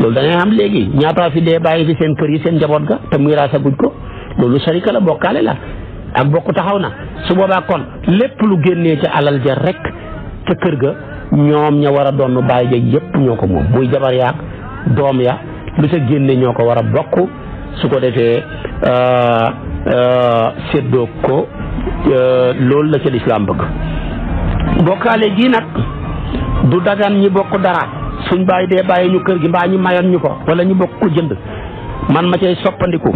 loolu da ngay xam léegi ñaataa fi dee bàyyi fi seen kër yi seen njaboot ga te muy raasaguñ ko loolu sarika la bokkaale la ak bokk taxaw na su boobaa kon lépp lu génnee ca alal ja rek ca kër ga ñoom ña war a doon bàyyi ja yépp ñoo ko moom muy jabar yaak doom ya lu ca génne ñoo ko war a bokk su ko defee euh, euh, séddoo ko euh, loolu la ca lislaam bëgg bokkaale gii nag du dagan ñi bokk dara suñ bàyyi dee bàyyi ñu kër gi mbaa ñu mayoon ñu ko wala ñu bokk ko jënd man ma cay soppandiku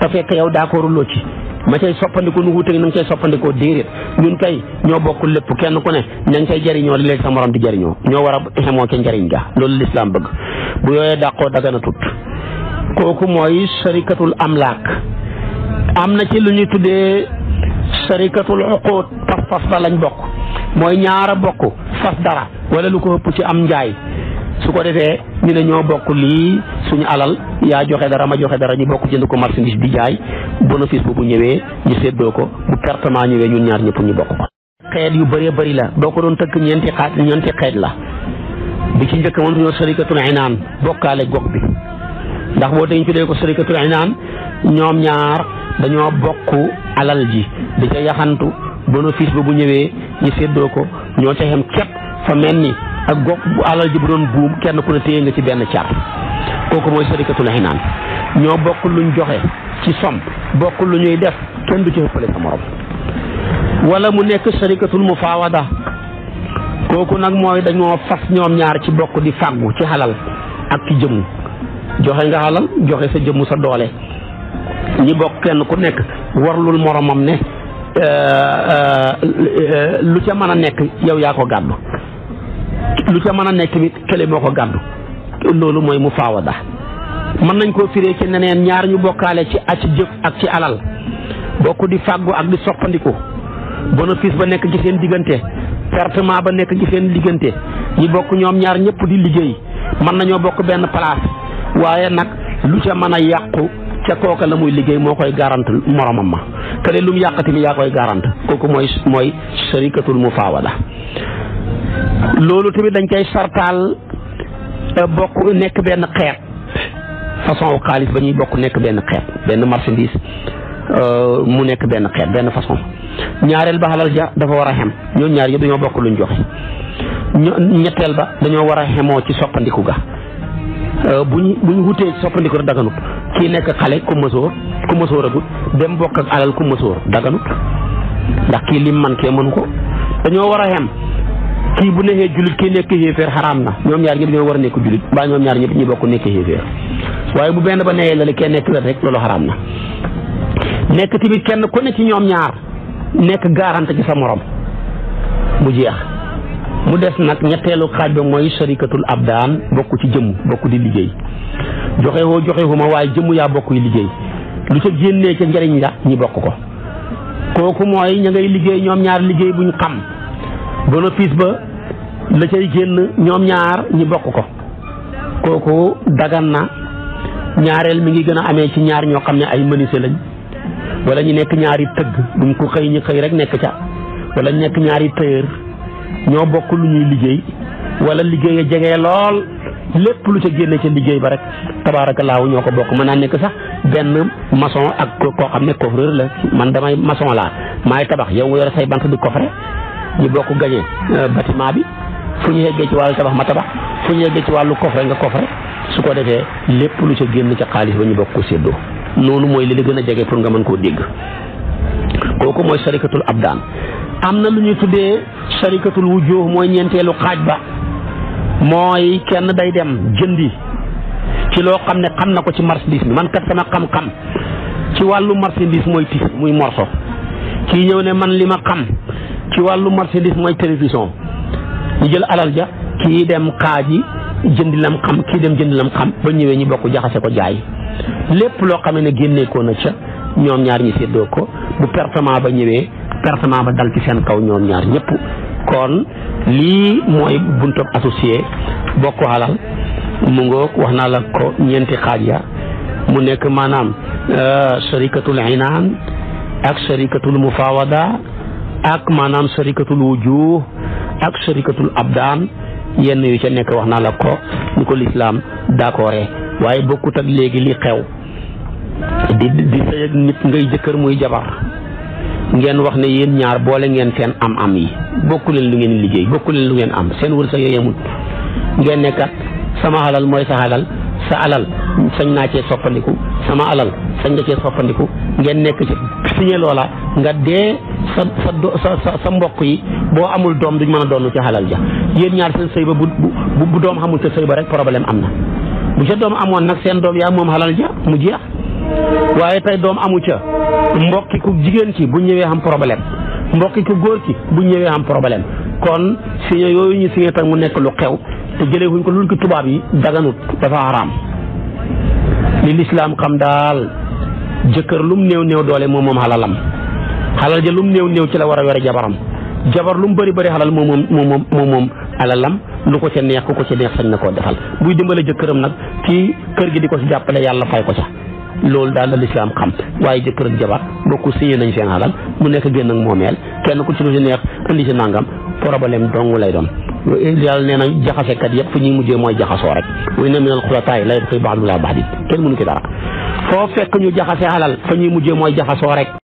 te fekk yow d'accorduloo ci ma cay soppandiko nu wuute nang nga soppandiko soppandikoo ñun kay ño bokku lepp kenn ku ne nang nga jariño jëriñoo li léegi sa morom di jariño ño wara a xemoo ca njëriñ ga loolu l'islam bëgg bu yoyé daqo dagana tut koku moy sharikatul amlak amna ci lu ñu tuddee sarikatul uquud pas lañ bokk moy ñaara bokku fas dara wala lu ko ëpp ci am njaay su ko defee ñu ne ñoo bokk lii suñu alal yaa joxe dara ma joxe dara ñu bokk jënd ko marchandise bi jaay bénéfice boobu ñëwee ñu séddoo ko bu pertement ñëwee ñun ñaar ñëpp ñu bokk ko. xeet yu bëree bëri la doo ko doon tëkk ñeenti xaaj ñeenti xeet la bi ci njëkk moom ñoo sarikatul inaan bokkaale gox bi ndax boo dañ tuddee ko sarikatul inaan ñoom ñaar dañoo bokk alal ji di ca yaxantu bénéfice boobu ñëwee ñu ko ñoo ca xem képp fa mel ni ak gox bu alal ji bu doon buum kenn ku ne téye nga ci benn car kooku mooy sarikatul xinaan ñoo bokk luñ joxe ci som bokk lu ñuy def kenn du ci ëppale sa morom wala mu nekk kooku nag mooy dañoo fas ñaar ci bokk di fàggu ci xalal ak jëmm joxe nga xalal joxe sa jëmm sa doole ñi bokk kenn ku nekk warlul moromam ne euh, euh, lu ca mën a nekk yow yaa ko gàddu lu ca mën a nekk tamit kële moo ko gàddu loolu mooy mu faawada mën nañ koo firee ci neneen ñaar ñu bokkaale ci ak jëpp ak ci alal bokk di fàggu ak di soppandiku bénéfice ba nekk ci seen diggante pertement ba nekk ci seen diggante ñi bokk ñoom ñaar ñëpp di liggéey mën nañoo bokk benn place waaye nag lu ca mën a yàqu ca kooka la muy liggéey moo koy garante moromam ma kële lu mu yàqati mi yaa koy garante kooku mooy mooy sharikatul mufaawada loolu tamit dañ koy sartaal eh, bokk nekk benn xeet façon xaalis ba ñuy bokk nekk benn xeet benn marchandise eh, mu nekk benn xeet benn façon ñaareel ba xalal ja dafa war a xem ñoom ñaar yëpp dañoo bokk luñ joxe ñetteel ba dañoo war a xemoo ci soppandiku ga eh, buñ buñ wutee soppandiku rek daganut kii nekk xale ku mësoor ku mësoor agut dem bokk ak alal ku mësoor daganut ndax kii lim man kee mënu ko dañoo war a xem kii bu nekkee jullit kii nekk xéeféer xaraam na ñoom ñaar ñëpp ñoo war bokk nekk xéeféer waaye mu benn ba newee la kenn nekk la rek loolu xaraam na nekk tamit kenn ku ne ci ñoom ñaar nekk garante ci sa morom mu jeex mu des nag ñetteelu xaaj ba mooy ab abdaan bokk ci jëmm bokk di liggéey joxe woo joxe huma waaye jëmm yaa bokk liggéey lu ca génnee ca njariñ la ñi bokk ko kooku mooy ña ngay liggéey ñoom ñaar liggéey buñ xam bénéfice ba la cay génn ñoom ñaar ñi bokk ko kooku dagan na ñaareel mi ngi gën a amee ci ñaar ñoo xam ne ay menuisier lañ wala ñu nekk ñaari tëgg duñ ko xëy ñu xëy rek nekk ca wala ñu nekk ñaari tailleur ñoo bokk lu ñuy liggéey wala liggéey a jege lool lépp lu ca génne ca liggéey ba rek tabaarakallaahu ñoo ko bokk mën naa nekk sax benn maçon ak koo xam ne coffreur la man damay maçon laa maay tabax yow nga yore say bant di coffre ñu bokk gañe euh, bâtiment bi fu ñu yeggee ci wàllu tabax ma tabax fu ñu yeggee ci wàllu coffre nga coffre su ko defee lépp lu ca génn ca xaalis ba ñu bokk ko séddoo noonu mooy li la gën a jege pour nga mën koo dégg kooku mooy sarikatul abdaan am na lu ñuy tuddee sarikatul wujuh mooy ñeenteelu xaaj ba mooy kenn day dem jëndi ci loo xam ne xam na ko ci marchandise bi man kat sama xam-xam ci wàllu marchandise mooy tis muy morso ki ñëw ne man li ma xam ci wàllu marchandise mooy télévision ñu jël alal ja ki dem xaji jënd lam xam ki dem jënd lam xam ba ñëwé ñu bokku jaxase ko jaay lépp lo xamé né génné ko na ca ñom ñaar ñi séddo ko bu pertement ba ñëwé pertement ba dal ci seen kaw ñom ñaar ñëpp kon li moy buntu associé bokku halal mu ngok wax la ko ñenti xaaj ya mu nekk manam euh, sharikatul inan ak sharikatul mufawada ak manam sharikatul wujuh ak sharikatul abdaan yenn yu ca nekk wax naa la ko lu ko lislaam d'accordé waaye bokkut ak léegi li xew di di sëy ak nit ngay jëkkër muy jabar ngeen wax ne yéen ñaar boole ngeen seen am-am yi bokk leen lu ngeen liggéey bokku leen lu ngeen am seen wërsëg yooyu amul ngeen nekkat sama xalal mooy sa xalal sa alal sañ naa cee soppandiku sama alal sañ nga cee soppandiku ngeen nekk ci signé loola nga dee sa sa mbokk yi boo amul doom duñ mën a doon ci alal ja yéen ñaar seen sëy ba bu bu bu doom xamul ca sëy ba rek problème am na. bu ca doom amoon nag seen doom yaa moom alal ja mu jeex waaye tey doom amu ca mbokki ku jigéen ci bu ñëwee am problème mbokki ku góor ci bu ñëwee am problème kon signé yooyu ñu signé tam mu nekk lu xew. te jëlee wuñ ko lu ko tubaab yi daganut dafa xaraam li lislaam xam daal jëkkër lum néew néew doole moom moom xalalam xalal ja lum néew néew ci la war a yore jabaram jabar lum bari bëri xalal moom moom moom moom moom alalam lu ko ca neex ku ko ci neex sañ na koo defal buy dimbale jëkkëram nag ci kër gi di ko si jàppale yàlla fay ko ca loolu daal la lislaam xam waaye jëkkër ak jabar bokku séyee nañ seen alal mu nekk génn ak moomeel kenn ku ci lu si neex indi si nàngam problème lay doon yàlla nee nañ jaxasekat yëpp fu ñuy mujjee mooy jaxasoo rek way na minal xulataay la yëpp koy baax du laa baax dit kenn mënu ci dara foo fekk ñu jaxase alal fa ñuy mujjee mooy jaxasoo rek